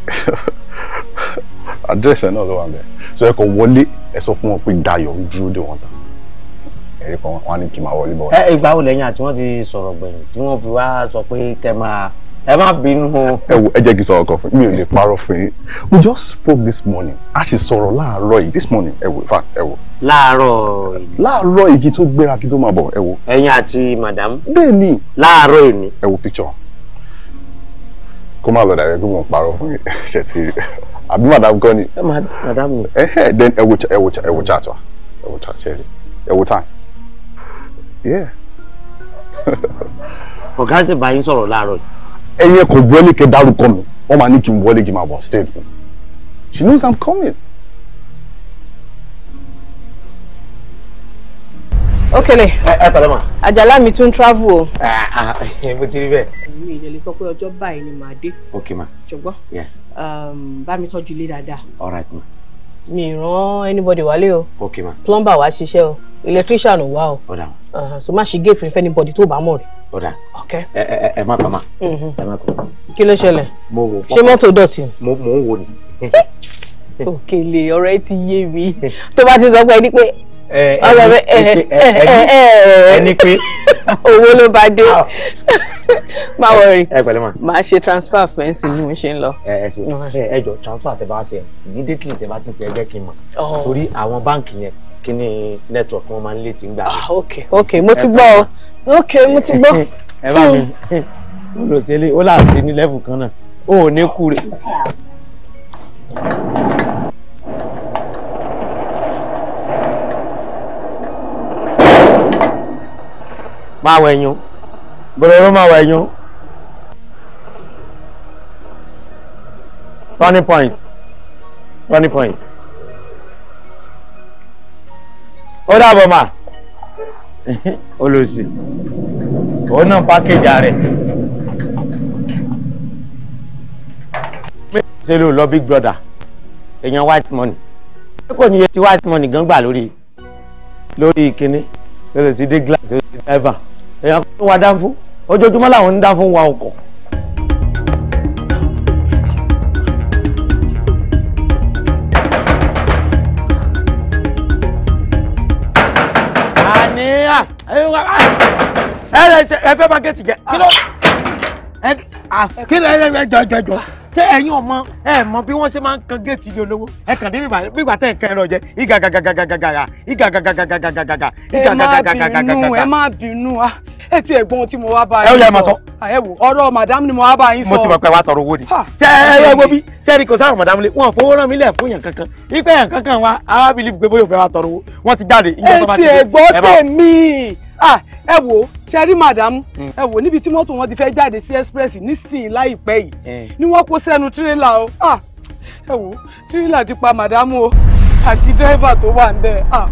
address ẹ náà ló wà mẹ so ẹ kọ wọlé ẹ sọ fún wọn pé Dayọ̀ ń dúró dè wọ́n ta eré kan wọn ní kí n máa wọlé bọ̀. ẹ ìgbà wo lẹ́yìn àti wọ́n ti sọ̀rọ̀ gbẹ̀yìn tí wọ́n fi wá sọ pé kẹ́ máa ẹ má bínú. ẹ wo ẹ jẹ́ kí n sọ̀rọ̀ kan fún mi ò lè parọ́ fún yín we just spoke this morning a sì sọ̀rọ̀ láàárọ̀ yìí this morning ẹ wo in fact ẹ wo. láàárọ̀ yìí. láàárọ̀ yìí kí tó gbéra kí tó máa bọ̀ ẹ wo. ẹ̀yin àti madam. bẹ́ẹ̀ ni. láàárọ̀ yìí ni. ẹ wo picture kó má lọ dàbí pé mò ń parọ́ fún yín ṣe ti rí àbí madam gan ni. madam ni. ẹ ẹ then ẹ wo ẹ wo ẹ wo chat wa ẹ wo chat ṣe rí ẹ wo time. ọ̀gá sì bá yín sọ̀rọ̀ láàárọ̀ yìí. ẹyẹ kò gbọ́ ní kẹ́ dárúkọ mi wọ́n máa ní kí n wọlé kí n máa fún she knows i'm coming. Okele. ẹ ẹ pẹ̀lẹ́ ma. àjàlá mi tún travel o. mo ah, ah, eh, ti rí bẹ́ẹ̀. mi ì lè sọ pé ọjọ́ báyìí ni màá dé. ok ma. ṣùgbọ́n um, bá mi tọ́jú ilé dáadáa. all right ma. mi ràn anybody wálé o. ok ma. plumber wá ṣiṣẹ́ o electrician wá o. ọ̀dà wọn. Uh-huh. so ma ṣe géèfì fẹ́ anybody tó bá mọ̀ rí. ọ̀dà ẹ ẹ ẹ má kàmá mm-hmm. ẹ má kàmá. kí ló ṣẹlẹ̀ ṣé mọ́tò dọ̀tí. mo ń wo ni. òkèlè ọ̀rọ̀ ẹ ti yé mi tó bá ti sọ pé ẹni pé ẹni pé owó ló bá dé ah. má wọrí má ṣe transfer fẹ́ǹsì ni mo ṣe ń lọ. ẹ jọ transfer tẹ bá ṣe immediately tẹ bá ti ṣe ẹ jẹ́ kí n mọ̀ oh. torí àwọn báǹkì yẹn kíní network wọn máa ń létí gbà. Ah, ok ok mo ti gbọ́ ọ ok mo ti gbọ́. ẹ bá mi olùsèlè hmm. ó là sí ní level kan náà ó ò ní kúre. máa wẹ̀ yún bọ̀dọ̀ ló máa wẹ̀ yún. turning point turning point. ó dàbọ̀ mà olùsì òun náà pákéjì ààrẹ ṣe ló lọ big brother èèyàn white money ṣé kò níye tí white money gan gbà lórí lórí ìkíní lórí ti dé glass ó ti dẹ́fà èèyàn kò tó wa dáńfó ojoojúmọ́ làwọn ń dáńfó wa ọkọ̀. Ah! ẹ fẹ́ bá gẹ̀ẹ́tì jẹ ah! kí ló ah! ẹ jọ jọ jọ tẹ ẹ̀yin ọmọ ẹ mọ bí wọ́n ṣe máa ń kan géètì ilé olówó ẹ kàn dé bígbà tẹ nǹkan ẹrọ jẹ igagagagagagaga igagagagagagaga igagagagagagaga. ẹ má bínú ẹ má bínú ẹ ti ẹ̀gbọ́n tí mo wá bá yín sọ ẹ wò ọ̀rọ̀ madam ni mo wá bá yín sọ. mo ti mọ̀ pé wàá tọrọ owó ni. ṣe ẹ ẹ wo bí sẹ́ẹ̀rì kò sáà madam lé wọn fowó rán mi lẹ̀ fún yàn kankan ipe yàn kankan wa arábìlì gbogbo yóò fẹ́ wàá tọrọ owó wọn ti jáde. ẹ ti ẹ̀gbọ́n tèmi ah ẹ wo ṣe rí madam hmm. ẹ wo níbi tí mọ́tò wọn ti fẹ́ jáde sí express nísìnyí láìpẹ́ yìí hmm. ni wọ́n kó sẹ́nu tírélà o ah ẹ wo tírélà ti pa madam o àti dírẹ́fà tó wà ń bẹ̀ ah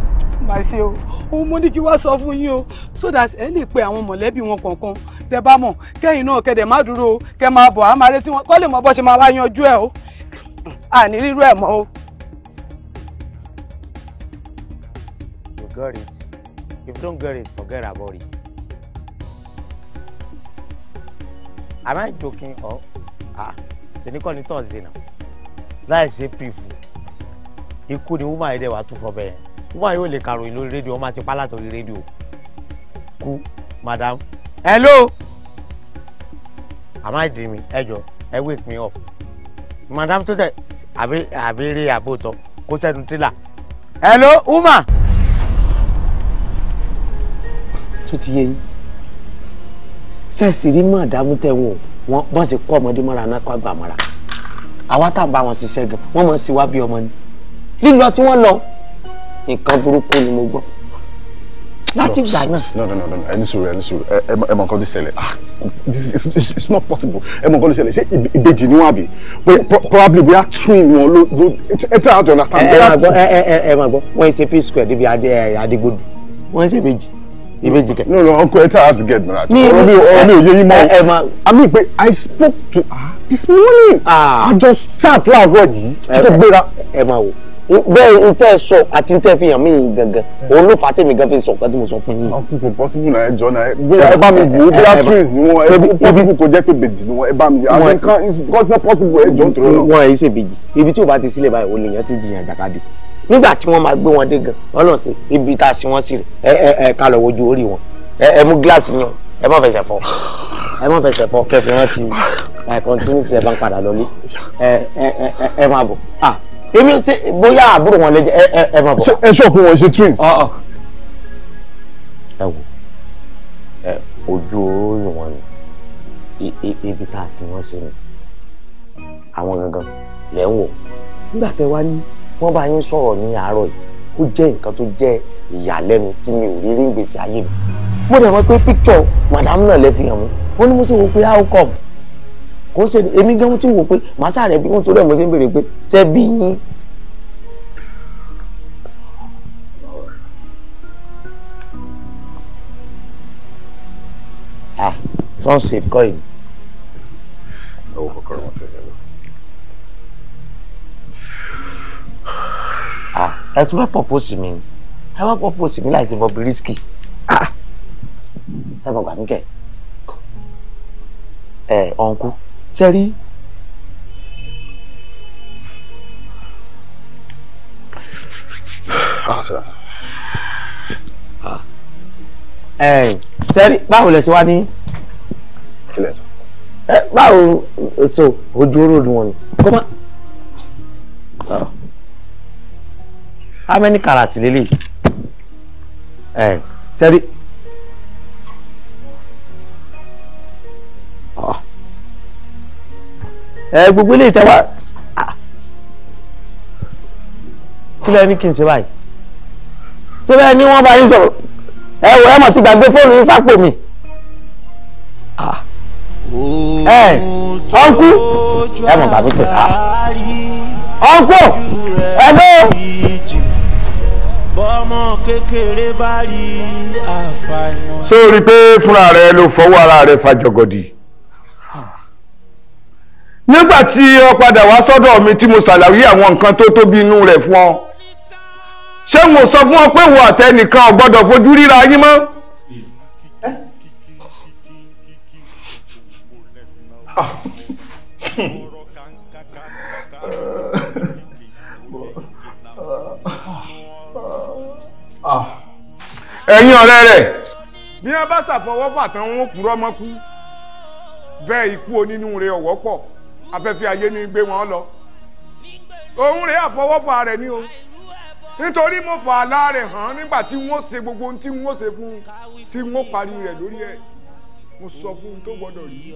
má ṣe o òun mo ní kí wá sọ fún yín o so that ẹ lè pe àwọn mọ̀lẹ́bí wọn kọ̀ọ̀kan tẹ bá mọ̀ kẹ́yìn náà kẹ́dẹ̀ má dúró o kẹ́ máa bọ̀ á máa retí wọn kọ́ lè mọ bọ́ ṣe máa wá yanjú ẹ o àní rírú ẹ̀ mọ́ o. ògọ́rin If you don't get it, forget about it. Am I joking or ah? Tèmi kọ́ ni Thursday náà. Láì ṣe pífù. Ikú ni woman ẹ̀dẹ̀ wà tún fọ bẹ́ẹ̀. Woman yóò lè kàròyìn lórí rédíò, ọmọ àti pálá torí rédíò. Kú madam. Hello! Am I dreaming? Ẹ jọ, ẹ wake me up. Madam today, tó tẹ̀ àbí àbí rí àbótọ́ kó sẹ́nu trailer. Hello, woman! tó ti yé yín sẹ́ẹ̀sì rí màdàmú tẹ̀wọ̀n wọn bọ́n sì kọ́ ọmọdé mọ́ra náà kọ́ àgbà mọ́ra àwa tá à ń bá wọn ṣiṣẹ́ gan wọ́n mọ̀ sí wá bí ọmọ ni lílọ tí wọ́n lọ nǹkan burúkú ni mo gbọ́ láti gbà náà. no no no no ẹni sùúrù ẹni sùúrù ẹ mọ nǹkan tó ṣẹlẹ̀ ah this is it's not possible ẹ mọ nǹkan tó ṣẹlẹ̀ ṣé ìbejì ni wọn àbí probably we are twin wọn ló ló ẹ tẹ́ àwọn to understand. ẹ ẹ ẹ ẹ máa gbọ́ wọ́n ṣe p square débi adigbodò wọ́n ṣe méjì ìbejì kẹ. no no ọkọ ẹ tell her to get married. mi ọ̀rọ̀ mi ọ̀rọ̀ ò yé yín mọ́. ẹ ma i mean i spoke to her this morning. ah i just chat láàárọ̀ yìí kí tó gbéra. ẹ ma wò bẹ́ẹ̀ n tẹ́ sọ àti n tẹ́ fi hàn mí gangan òun ló fà á tèmi gan fi sọ nǹkan tí mo sọ fún yín. kò possible na ẹ jọ na ẹ bóyá ẹ bá mi wò ó bóyá twins ni wọn ẹ possible kò jẹ́ pé bèjì ni wọn ẹ bá mi as in kan it's not possible ẹ jọ nítorí náà. wọn ẹ ṣe bèjì ibi tí o bá ti sílẹ̀ báyìí o lèèyàn ti jiyàn jàkadì nígbà tí wọ́n máa gbé wọn dé gan ọlọ́run sí ibi tá a sí wọn sí rẹ̀ ẹ ẹ ká lọ wojú orí wọn ẹ ẹ mú gíláàsì yín ẹ má fẹsẹ̀ fọ ẹ má fẹsẹ̀ fọ kẹfì wọn ti ẹ kọ́ńtínítì ẹ bá ń padà lọlé ẹ ẹ ẹ ẹ má bọ̀ ah èmi ṣe bóyá àbúrò wọn lẹ́jẹ̀ ẹ ẹ ẹ má bọ̀. ẹ ṣọ́ọ̀kù wọn ṣe twins. ẹ wò ẹ ojú orí wọn ni ibi tá a sí wọn sí ni àwọn gangan lẹ́ ń wò nígbà tẹ wá ní wọ́n bá yín sọ̀rọ̀ ní àárọ̀ yìí ó jẹ́ nǹkan tó jẹ́ ìyàlẹ́nu tí mi ò rí rí gbèsè ayé mi mo dẹ̀ mọ̀ pé píkítọ̀ màdámù náà lẹ fi hàn mí ó ní mo ṣe wò pé how come kò ṣe èmi gan ti wò pé màsà rẹ bí wọn torí ẹ mo ṣe ń béèrè pé ṣe bí yín. ah sunset kọ́ yìí. ẹ tún fẹ́ pọ̀pọ̀sì mi ni ẹ wá pọ̀pọ̀sì mi láì sí Bobrisky ah! ẹ mọ̀ gbà mí kẹ́ ẹ ọ̀nkú sẹ́rí. sẹ́rí báwo lẹ ṣe wá ní. kí lẹ sọ. báwo so ojú oró ni wọn ni. kọ́má how many karat lélẹ̀ ẹ sẹ́rí. Ah. ẹ gbogbo ilé ìtẹ́wá ah. kí lẹ́ ní kí n ṣe báyìí ṣé bẹ́ẹ̀ ni wọ́n bá yín sọ̀rọ̀ ẹ wò ẹ mọ̀ ti gbàgbé fóònù yín sápò mi ah. ẹ ọ̀nkú ẹ mọ̀ bàbá tó ọ̀nkú ẹ bẹ́ẹ̀ bọ́mọ kékeré bá rí àfàìmọ̀. ṣé o rí i pé fúnra rẹ ló fọwọ́ ara rẹ fa jọgọdì nígbà tí ọ padà wá sọ́dọ̀ mi tí mo ṣàlàyé àwọn nǹkan tó tóbi inú rẹ̀ fún ọ ṣé mo sọ fún ọ pé wo àtẹnìkan ò fojú ríra yín mọ́. Hmm. Ah. ẹ̀yin ọ̀rẹ́ rẹ̀. bí wọ́n bá ṣàfọwọ́fà tán wọ́n kúrọ́ mọ́ kú bẹ́ẹ̀ ikú onínú rẹ̀ ọ̀wọ́ pọ̀ afẹ́fẹ́ ayé ní gbé wọn lọ òun rẹ̀ àfọwọ́fà rẹ̀ ni o nítorí mo fà á láàrẹ̀ hàn nígbà tí wọ́n ṣe gbogbo ohun tí wọ́n ṣe fún tí wọ́n parí rẹ̀ lórí ẹ̀ mo sọ fún un tó gbọdọ̀ yìí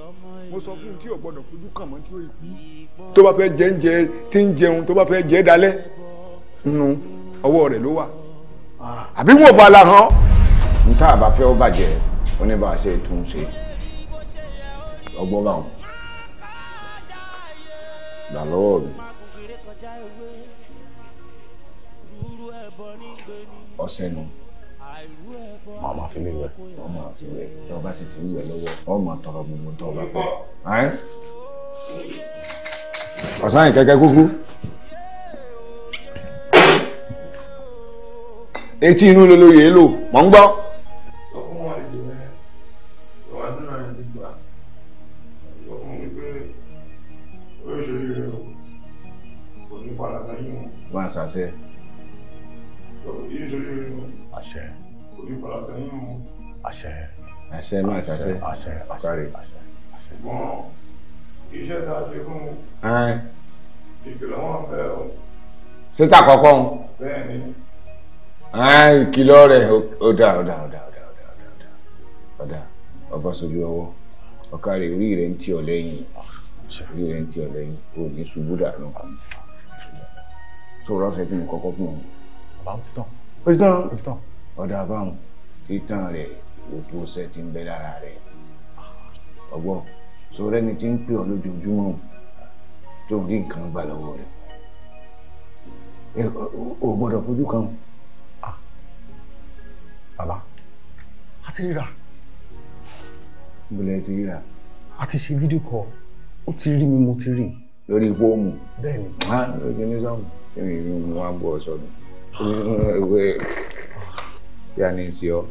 mo sọ fún un tí ò gbọdọ̀ fojú kàn mọ́ tí ó ikú tó bá fẹ́ jẹ́ ń jẹ tí ń jẹun tó bá fẹ́ jẹ́ dalẹ́ nù ọwọ́ rẹ̀ ló wà àbí wọn ò fa la hàn. n tá a bá fẹ́ ó bàjẹ́ oníbàṣẹ tún ṣe ọgbọ́n bá wọn gbà lọ́wọ́ mi. ọ̀sẹ̀ nu wọn máa fi léwẹ̀ wọn máa fi wẹ̀ tí wọn bá sì ti wẹ̀ lọ́wọ́ wọn máa tọrọ gbogbo tó o bá fẹ́. ọ̀sán yìí kẹ́kẹ́ kúkú. etí inú lolóye lò mọ̀ ń gbọ́. wọ́n á sàṣẹ. àṣẹ. àṣẹ. àṣẹ máa ṣàṣẹ. àṣẹ àṣẹ àṣẹ. ṣùgbọ́n iṣẹ́ tá a ṣe fún un. ìgbìlọ́wọ́ bẹ́ẹ̀ o. ṣé tà kọ́kọ́ ń. bẹ́ẹ̀ ni ìkìlọ̀ rẹ̀ ọ̀dà ọ̀dà ọ̀dà ọ̀dà ọ̀dà ọ̀dà ọba sojú ọwọ́ ọ̀ka rẹ̀ orí rẹ̀ ń tì ọ́ lẹ́yìn orí rẹ̀ ń tì ọ́ lẹ́yìn o ní ṣubú dànù sọ̀rọ̀ fẹ́ kí n kọ́kọ́ fún ọ. bàbá ó ti tán. ó ti tán. ó ti tán. ọ̀dà báwọn títàn rẹ̀ òkú ọ̀sẹ̀ ti ń bẹ lára rẹ̀ ọgbọ́n sọ̀rọ̀ ẹni tí ń pè ọ́ lójoojúmọ́ tó ń rí nǹkan gbà lọ́wọ́ rẹ̀ o gbọ́dọ̀ fojú kan bàbá a ti ríra. ìbílẹ̀ ti ríra. a ti ṣe fídíò kọ ó ti rí mi mo ti rí. lórí fóònù. bẹ́ẹ̀ni. a lórí ní sọmù kí ni ìrìn wa bọ sọdún ìwé kí a ní í ṣe ọ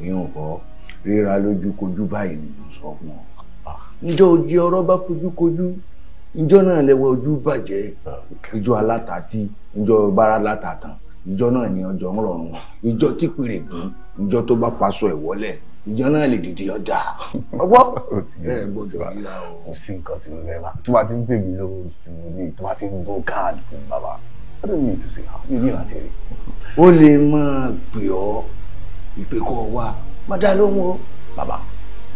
ìyẹn kọ ríra lójúkojú báyìí ni mo sọ fún ọ. ǹjọ́ òjì ọ̀rọ̀ bá fojúkojú ǹjọ́ náà lẹ́wọ̀ ojú bàjẹ́ ìjọ́ alátàtì ǹjọ́ bára látàtàn ìjọ́ náà ni ọjọ́ ń rọrùn ìjọ́ tí pèrè gùn ìjọ tó bá faṣọ ẹ̀ wọ́lẹ̀ ìjọ náà lè dìde ọjà ọgbọ́ ẹ gbọ́dọ̀ yíra o. kò sí nǹkan tí mo fẹ́ bá tó bá ti ń pè mí lówó tí mo ní tó bá ti ń gbó káàdì fún bàbá I don't mean to say how mi ní láti rí. ó lè máa pè ọ́ ìpè kọ́ wa má dá lóhùn o bàbá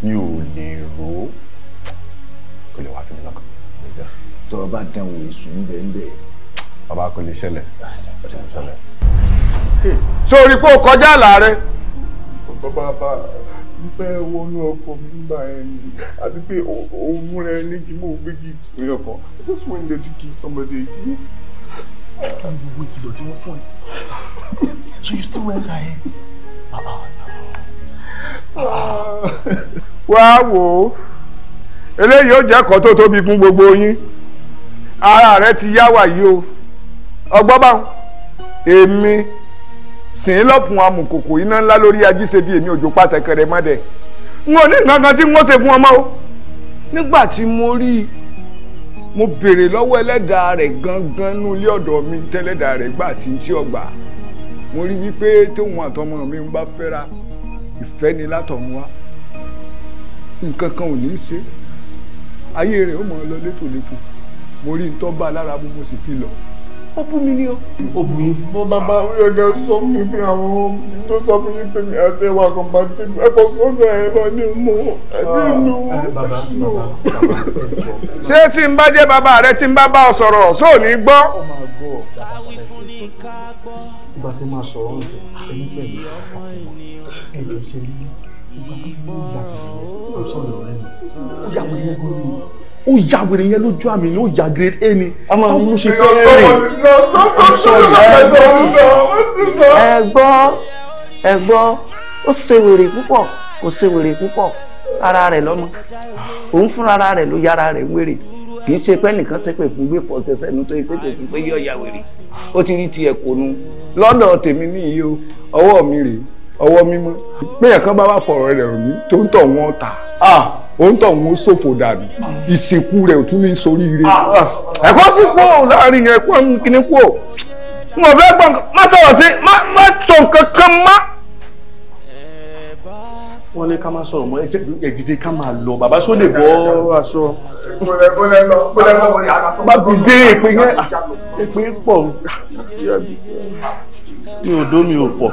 mi ò lè rò ó kò lè wá sí mi lọ́kàn. tó o bá dánwò èṣù ń bẹ́ẹ̀ bẹ́ẹ̀. bàbá kò lè ṣẹlẹ̀ kò lè ṣẹlẹ̀. sórí pé o kọjá àlà rẹ bàbá bá fẹ́ wọnú ọkọ̀ mi nígbà yẹn ni àti pé òun fúnra ẹ ní kí mò ń gbé kí ìpínlẹ̀ kan I just went there to kill somebody again. kí ni gbogbo ìkìlọ̀ tí wọ́n fún ẹ so you still went ahead. Ah, ah, ah. wá wò ó eléyìí ó jẹ́ ẹ̀kọ́ tó tóbi fún gbogbo yín ara rẹ ti yá wàyí o ọgbọ́n báwọn èmi sìn ín lọ́fun amùkòkò iná ńlá lórí ajíṣe bíi èmi òjò pàṣẹ kẹrẹ mọ́dẹ n ò ní nǹkan kan tí n ó ṣe fún ọmọ o. nígbà tí mo rí i mo béèrè lọ́wọ́ ẹlẹ́dàá rẹ̀ gangan nú ilé ọ̀dọ̀ mi tẹ́lẹ́dàá rẹ̀ gbà tí n tí ọgbà mo rí wípé tóun àtọmọ mi ń bá fẹ́ra ìfẹ́ ni látọ̀run wá nǹkan kan ò ní í ṣe ayé rẹ̀ ó mọ̀ ọ́ lọ létòlétò mo rí i tó bá a lára mú mo sì fi lọ ó bú mi ní o. ó bú yín. mo bàbá awúyẹ̀gẹ̀ sọ fún mi pé àwọn tó sọ fún mi pé mi àti ẹwà kan bá ti bí ẹ̀kọ́ sọ́nà ẹ̀ lọ ní mú ẹ̀dí ìlú. ṣé tí n bá jẹ́ bàbá rẹ tí n bá bá ọ sọ̀rọ̀ sóò ní gbọ́. ìgbà tí máa sọ̀rọ̀ ń sìn ẹni pẹ̀lú ẹ̀jọ̀ ṣe ní ìgbà tí mo yà fún ọ sọ̀rọ̀ rẹ̀ mi. ó yà wọ́n yẹ kó rí i ó ya wèrè yẹn lójú àmì ni ó ya grade a ni báwo ló ṣe fẹ́ rìn ẹ gbọ́ ẹ gbọ́ ó ṣe wèrè púpọ̀ kò ṣe wèrè púpọ̀ ara rẹ̀ lọ́mọ òun fúnra ara rẹ̀ ló yára rẹ̀ wèrè kì í ṣe pé nìkan ṣépè fún gbé fọ́ọ̀ṣẹ̀ sẹ́nu tó ṣépè fún pé yóò ya wèrè ó ti rí tiẹ̀ kò nu lọ́dọ̀ tèmi nìyí o ọwọ́ mi rèé ọwọ́ mímọ́ péyàn kan bá wà fọ̀rọ̀ rẹ̀ rùn mí tó ń tọ̀ wọ́n ta òun tọ̀ ń ṣòfò dàbí ìsìnkú rẹ̀ ò tún ní sórí ire. Ah. ẹ̀kọ́ sì kú ò láàrin yẹn kú àwọn kìnnìún kú ò n ò fẹ́ gbọ́ má sọ̀rọ̀ sí má sọ nǹkan kan má. wọ́n ní ká má sọ̀rọ̀ mọ́ ẹ dìde ká máa lọ bàbá sọ lè bọ́ aṣọ. bá dìde èpè yẹn èpè ah, pọ̀ mi ò dó mi ò fọ̀.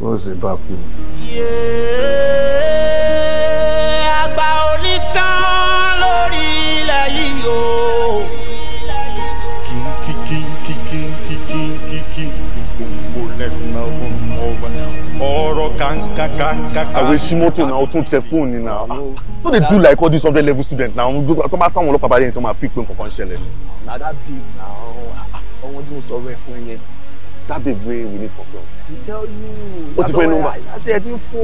bó ṣe bá kú. àgbà onítàn lórí ilẹ̀ yìí o. kìkìkìkìkìkìkìkìkì kò mọ̀ lẹ́nu náà wọ́n mọ̀ wá ọ̀rọ̀ kàńkà kàńkà. àwọn èsì mọ́tò náà ó tún tẹ fóònù náà no dey do like all these hundred level students na tó bá táwọn ọlọ́pàá bá dé ní sọ fi pé nǹkan ṣẹlẹ̀ ni. na that oh, ah, babe ah, na ọmọ mo sọ rẹ fún yẹn. that babe wey we need for club. he tell you. ó ti fẹ́ nọ́mbà. àti ẹ ti ń fò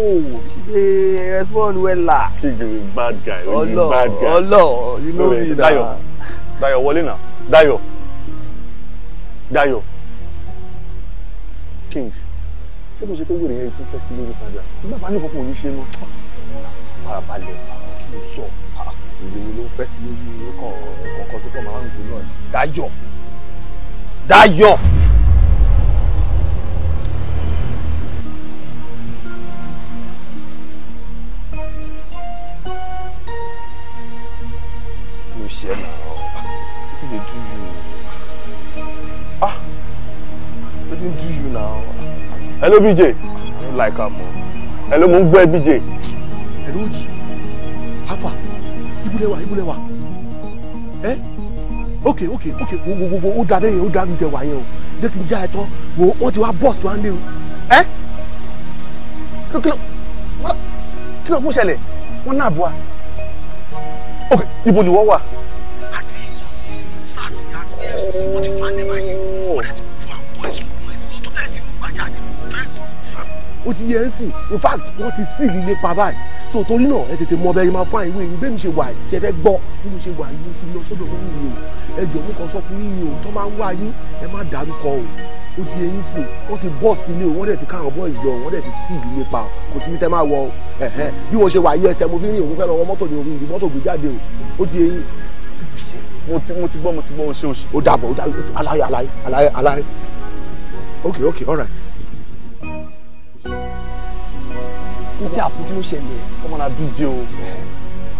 she dey respond wella. kí you bad guy you be bad guy. ọlọ ọlọ you know me na. Dayo Dayo wọlé na Dayo Dayo. ṣé mo ṣe pé wèrè yẹn tún fẹ́ sí lórí padà tí bàbá ní kókó òní ṣe mọ́ farabalẹ̀ kí ló sọ ìlú ló fẹ́ sí lórí kọ̀ọ̀kan tó kọ̀ máa ń gbé náà dájọ́ dájọ́. share now. do you now? hello bj i don't like her more. hello mo ń gbọ́ ẹ bj. hello ojì afa ibùdó wa ibùdó wa ẹ ok ok ok wo wo wo ó dáa bẹ́ẹ̀ yẹn ó dáa bẹ́ẹ̀ wá yẹn o jẹ́ kí n já ẹ tán wo wọ́n ti wá bọ́ọ̀sì wa ń lé o ẹ kí ló kí ló kó ṣẹlẹ̀ wọ́n náà bọ́ a ok ibo ni wọ́n wà. àti sars àti fcc wọ́n ti wá ní báyìí wọ́n dẹ̀ ti kú. ó ti yẹ ń sìn in fact wọ́n ti sí ìlú nípa báyìí so torí náà ẹ tètè mọ ọbẹ̀ yìí máa fún àìwé yìí bẹ́ẹ̀ mi ṣe wà yìí ṣe fẹ́ gbọ́ bí mo ṣe wà yìí mo ti lọ sọ́dọ̀ fún mi o ẹ jọ̀ọ́ mo kàn sọ fún yín ni o tó máa ń wá yín ẹ má dárúkọ o ó ti yẹ yín sìn wọ́n ti bọ́ọ̀sì ti ní o wọ́n dẹ̀ ti káwọn boys lọ wọ́n dẹ̀ ti sí ìlú nípa o kò sí ní tẹ́ máa wọ o bí mo ṣe wà yìí ẹsẹ̀ mo fi rìn òun fẹ́ lọ wọ mọ́tò ní òun ìdí mọ́tò gbé jáde o ó ti yẹ yín mo ti mo ti gbọ́ mo ti gbọ́ o ṣeun ṣe. ó dàbọ̀ ó dàbọ̀ aláyé aláyé aláyé aláyé okay okay all right ní tí àpò kí ló ọmọ náà bíjẹ o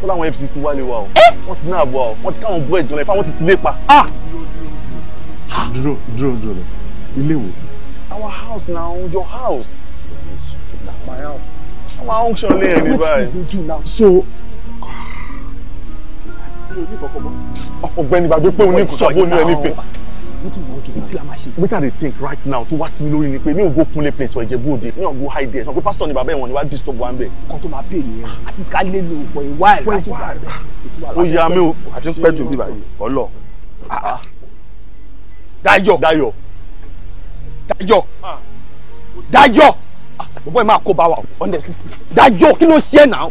ó láwọn fcc wálé wa o wọ́n ti náà bọ̀ wọ́n ti káwọn bọ́ ẹ̀jọ̀ náà ifá wọ́n ti tilé pa. Ah! Ah! dúró dúró dúró ilé wo. our house now your house. my house. our function lè yẹn báyìí. so ọ̀gbẹ́ni gbàgbé pé òun ní ìkùsọ̀ bó ní ẹni wetin you wan do kí la máa wetin i dey think right now to wá sí mi lórí ni pé mi ò go kunle place for Ìjẹ̀bú Òde mi ò go hide there sọ pé pastor ni bàbá ẹ̀wọ̀n ni wàá disturb wa ń bẹ̀. kan tó máa pè nìyẹn àti ká lè lò for a while. for a while ó yà mí o àti pẹ́ jù bíbá yìí ọlọ. Ah, ah. Dayọ̀ Dayọ̀ Dayọ̀ Dayọ̀ ah, bọ̀bọ̀ ẹ̀ máa kó bá wa honestly Dayọ̀ kí ló ṣe é náà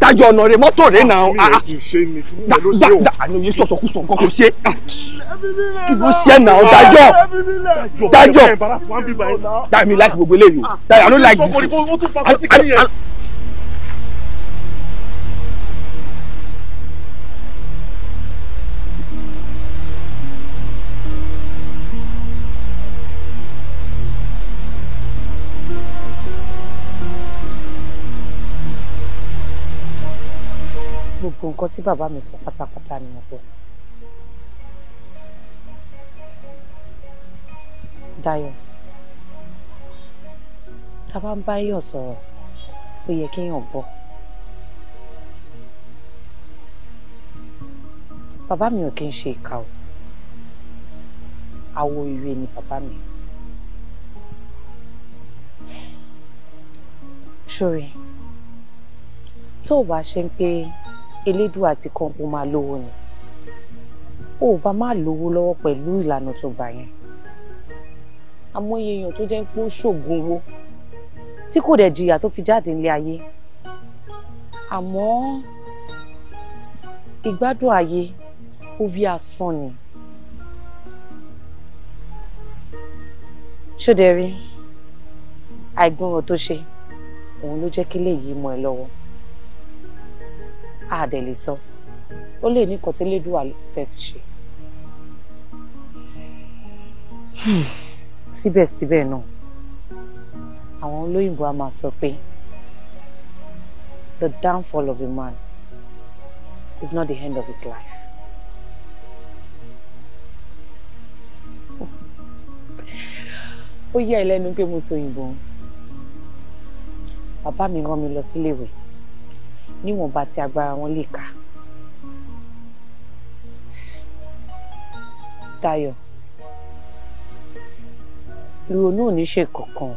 dájọ́ ọ̀nà rẹ̀ mọ́tò rẹ̀ ah, náà. àfihàn ti ah, ah. ṣe ni fún mi ló ṣe o. àná yìí sọ̀sọ̀ kú sọ̀ nǹkan kò ṣe. kí ló ṣe náà dájọ́ dájọ́ dájọ́ mi láti gbogbo eléyìí o. dájọ́ I no like this. gbogbo nǹkan tí bàbá mi sọ pátápátá ni mo gbọ́. Dayọ̀ tá a bá ń bá èèyàn sọ̀rọ̀ ó yẹ kéèyàn gbọ́. bàbá mi ò kí ń ṣe ìkà o awo ire ni bàbá mi. sori tó o bá ṣe ń pé elédùn àti kọ́ńpó máa lówó ni ó bá má lówó lọ́wọ́ pẹ̀lú ìlànà tó gbà yẹn amóye èèyàn tó jẹ́ pé ó ṣògùn owó tí kò dẹ̀ jìyà tó fi jáde nílé ayé àmọ́ ìgbádùn ayé ó bí asán ni. ṣódẹ̀rí àìgbọràn tó ṣe òun ló jẹ́ kí lè yí mọ́ ẹ lọ́wọ́ a dẹ̀ lè sọ ó lè ní kọtí fẹ́ fi ṣe. Hmm. síbẹ̀síbẹ̀ náà àwọn olóyìnbó a máa sọ pé the downfall of a man is not the end of his life. ó yà ẹ́ lẹ́nu pé mo sọ òyìnbó bàbá mi rán mi lọ síléèwé. Si níwọ̀nba tí agbára wọn lè kà. Dayọ̀ ìrònú ò ní ṣe kankan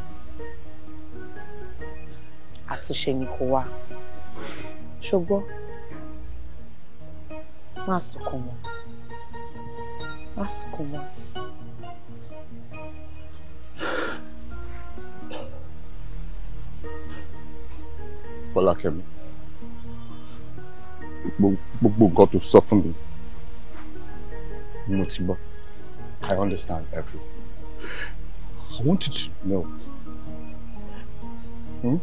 àtúnṣe ni kò wá ṣùgbọ́n má sunkún mọ́ má sunkún mọ́. Fọlákẹ́mi gbogbo nǹkan tó sọ fún mi mo ti gbọ́ I understand everything I wanted to know hmm,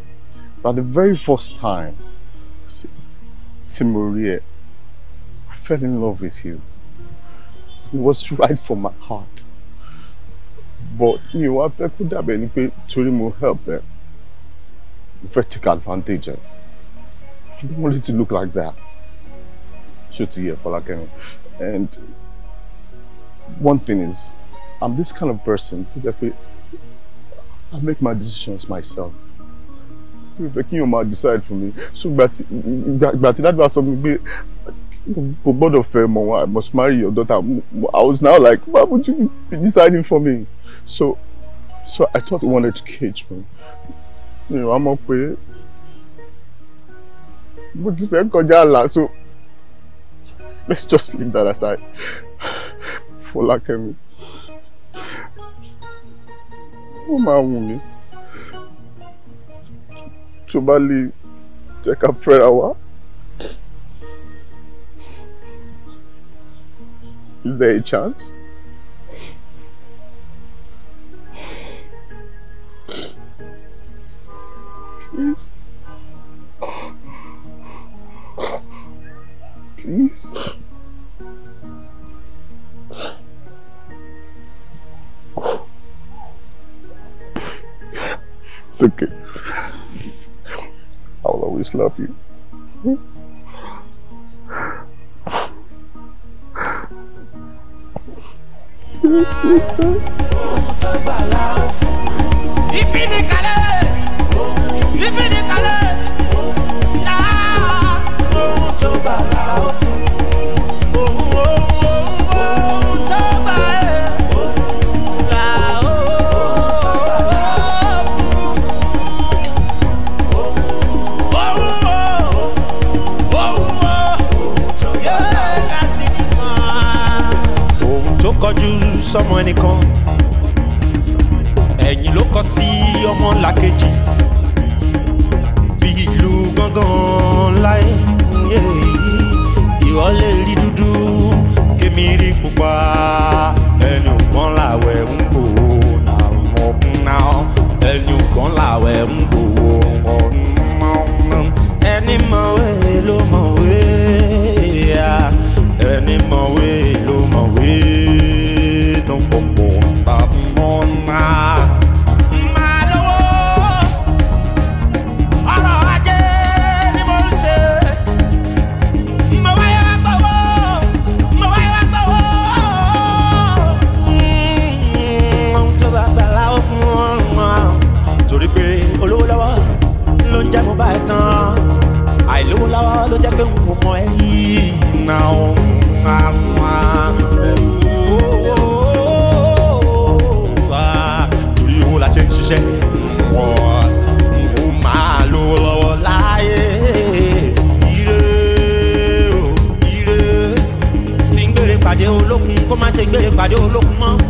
that the very first time tí mo rí ẹ I fell in love with you it was right for my heart but mi ò wá fẹ́ kó dàbẹ̀ ni pé torí mo help ẹ mo fẹ́ take advantage ẹ I don't want it to look like that here Shutiye Folakemi. And one thing is, I'm this kind of person that I make my decisions myself. Fẹ́ kí yóò máa decide for me. So but tí dájú wa sọ mi pé kò gbọ́dọ̀ fẹ́ mọ̀ I must marry your daughter. I was now like why would you be deciding for me? So so I thought you wanted to cage me. Mi ò wá mọ̀ pé mo ti fẹ́ kọjá àlà so. Let's just leave that aside. For lack of me, oh my woman, to lè jẹ́ ká prayer wa. Is there a chance? Please. please. It's okay. I will always love you. ni kale! ni kale! kọjú sọmọ ẹnìkan ẹ̀yìn ló kọ sí ọmọ làkejì bí ìlú gángan láyé ìwọ lè rí dúdú kémi rí pupa ẹni ògbọ́n làwẹ̀ ń bò ó nà ọmọkùn náà ẹni ògbọ́n làwẹ̀ ń bò ó. àgbàdo olókun mọ́.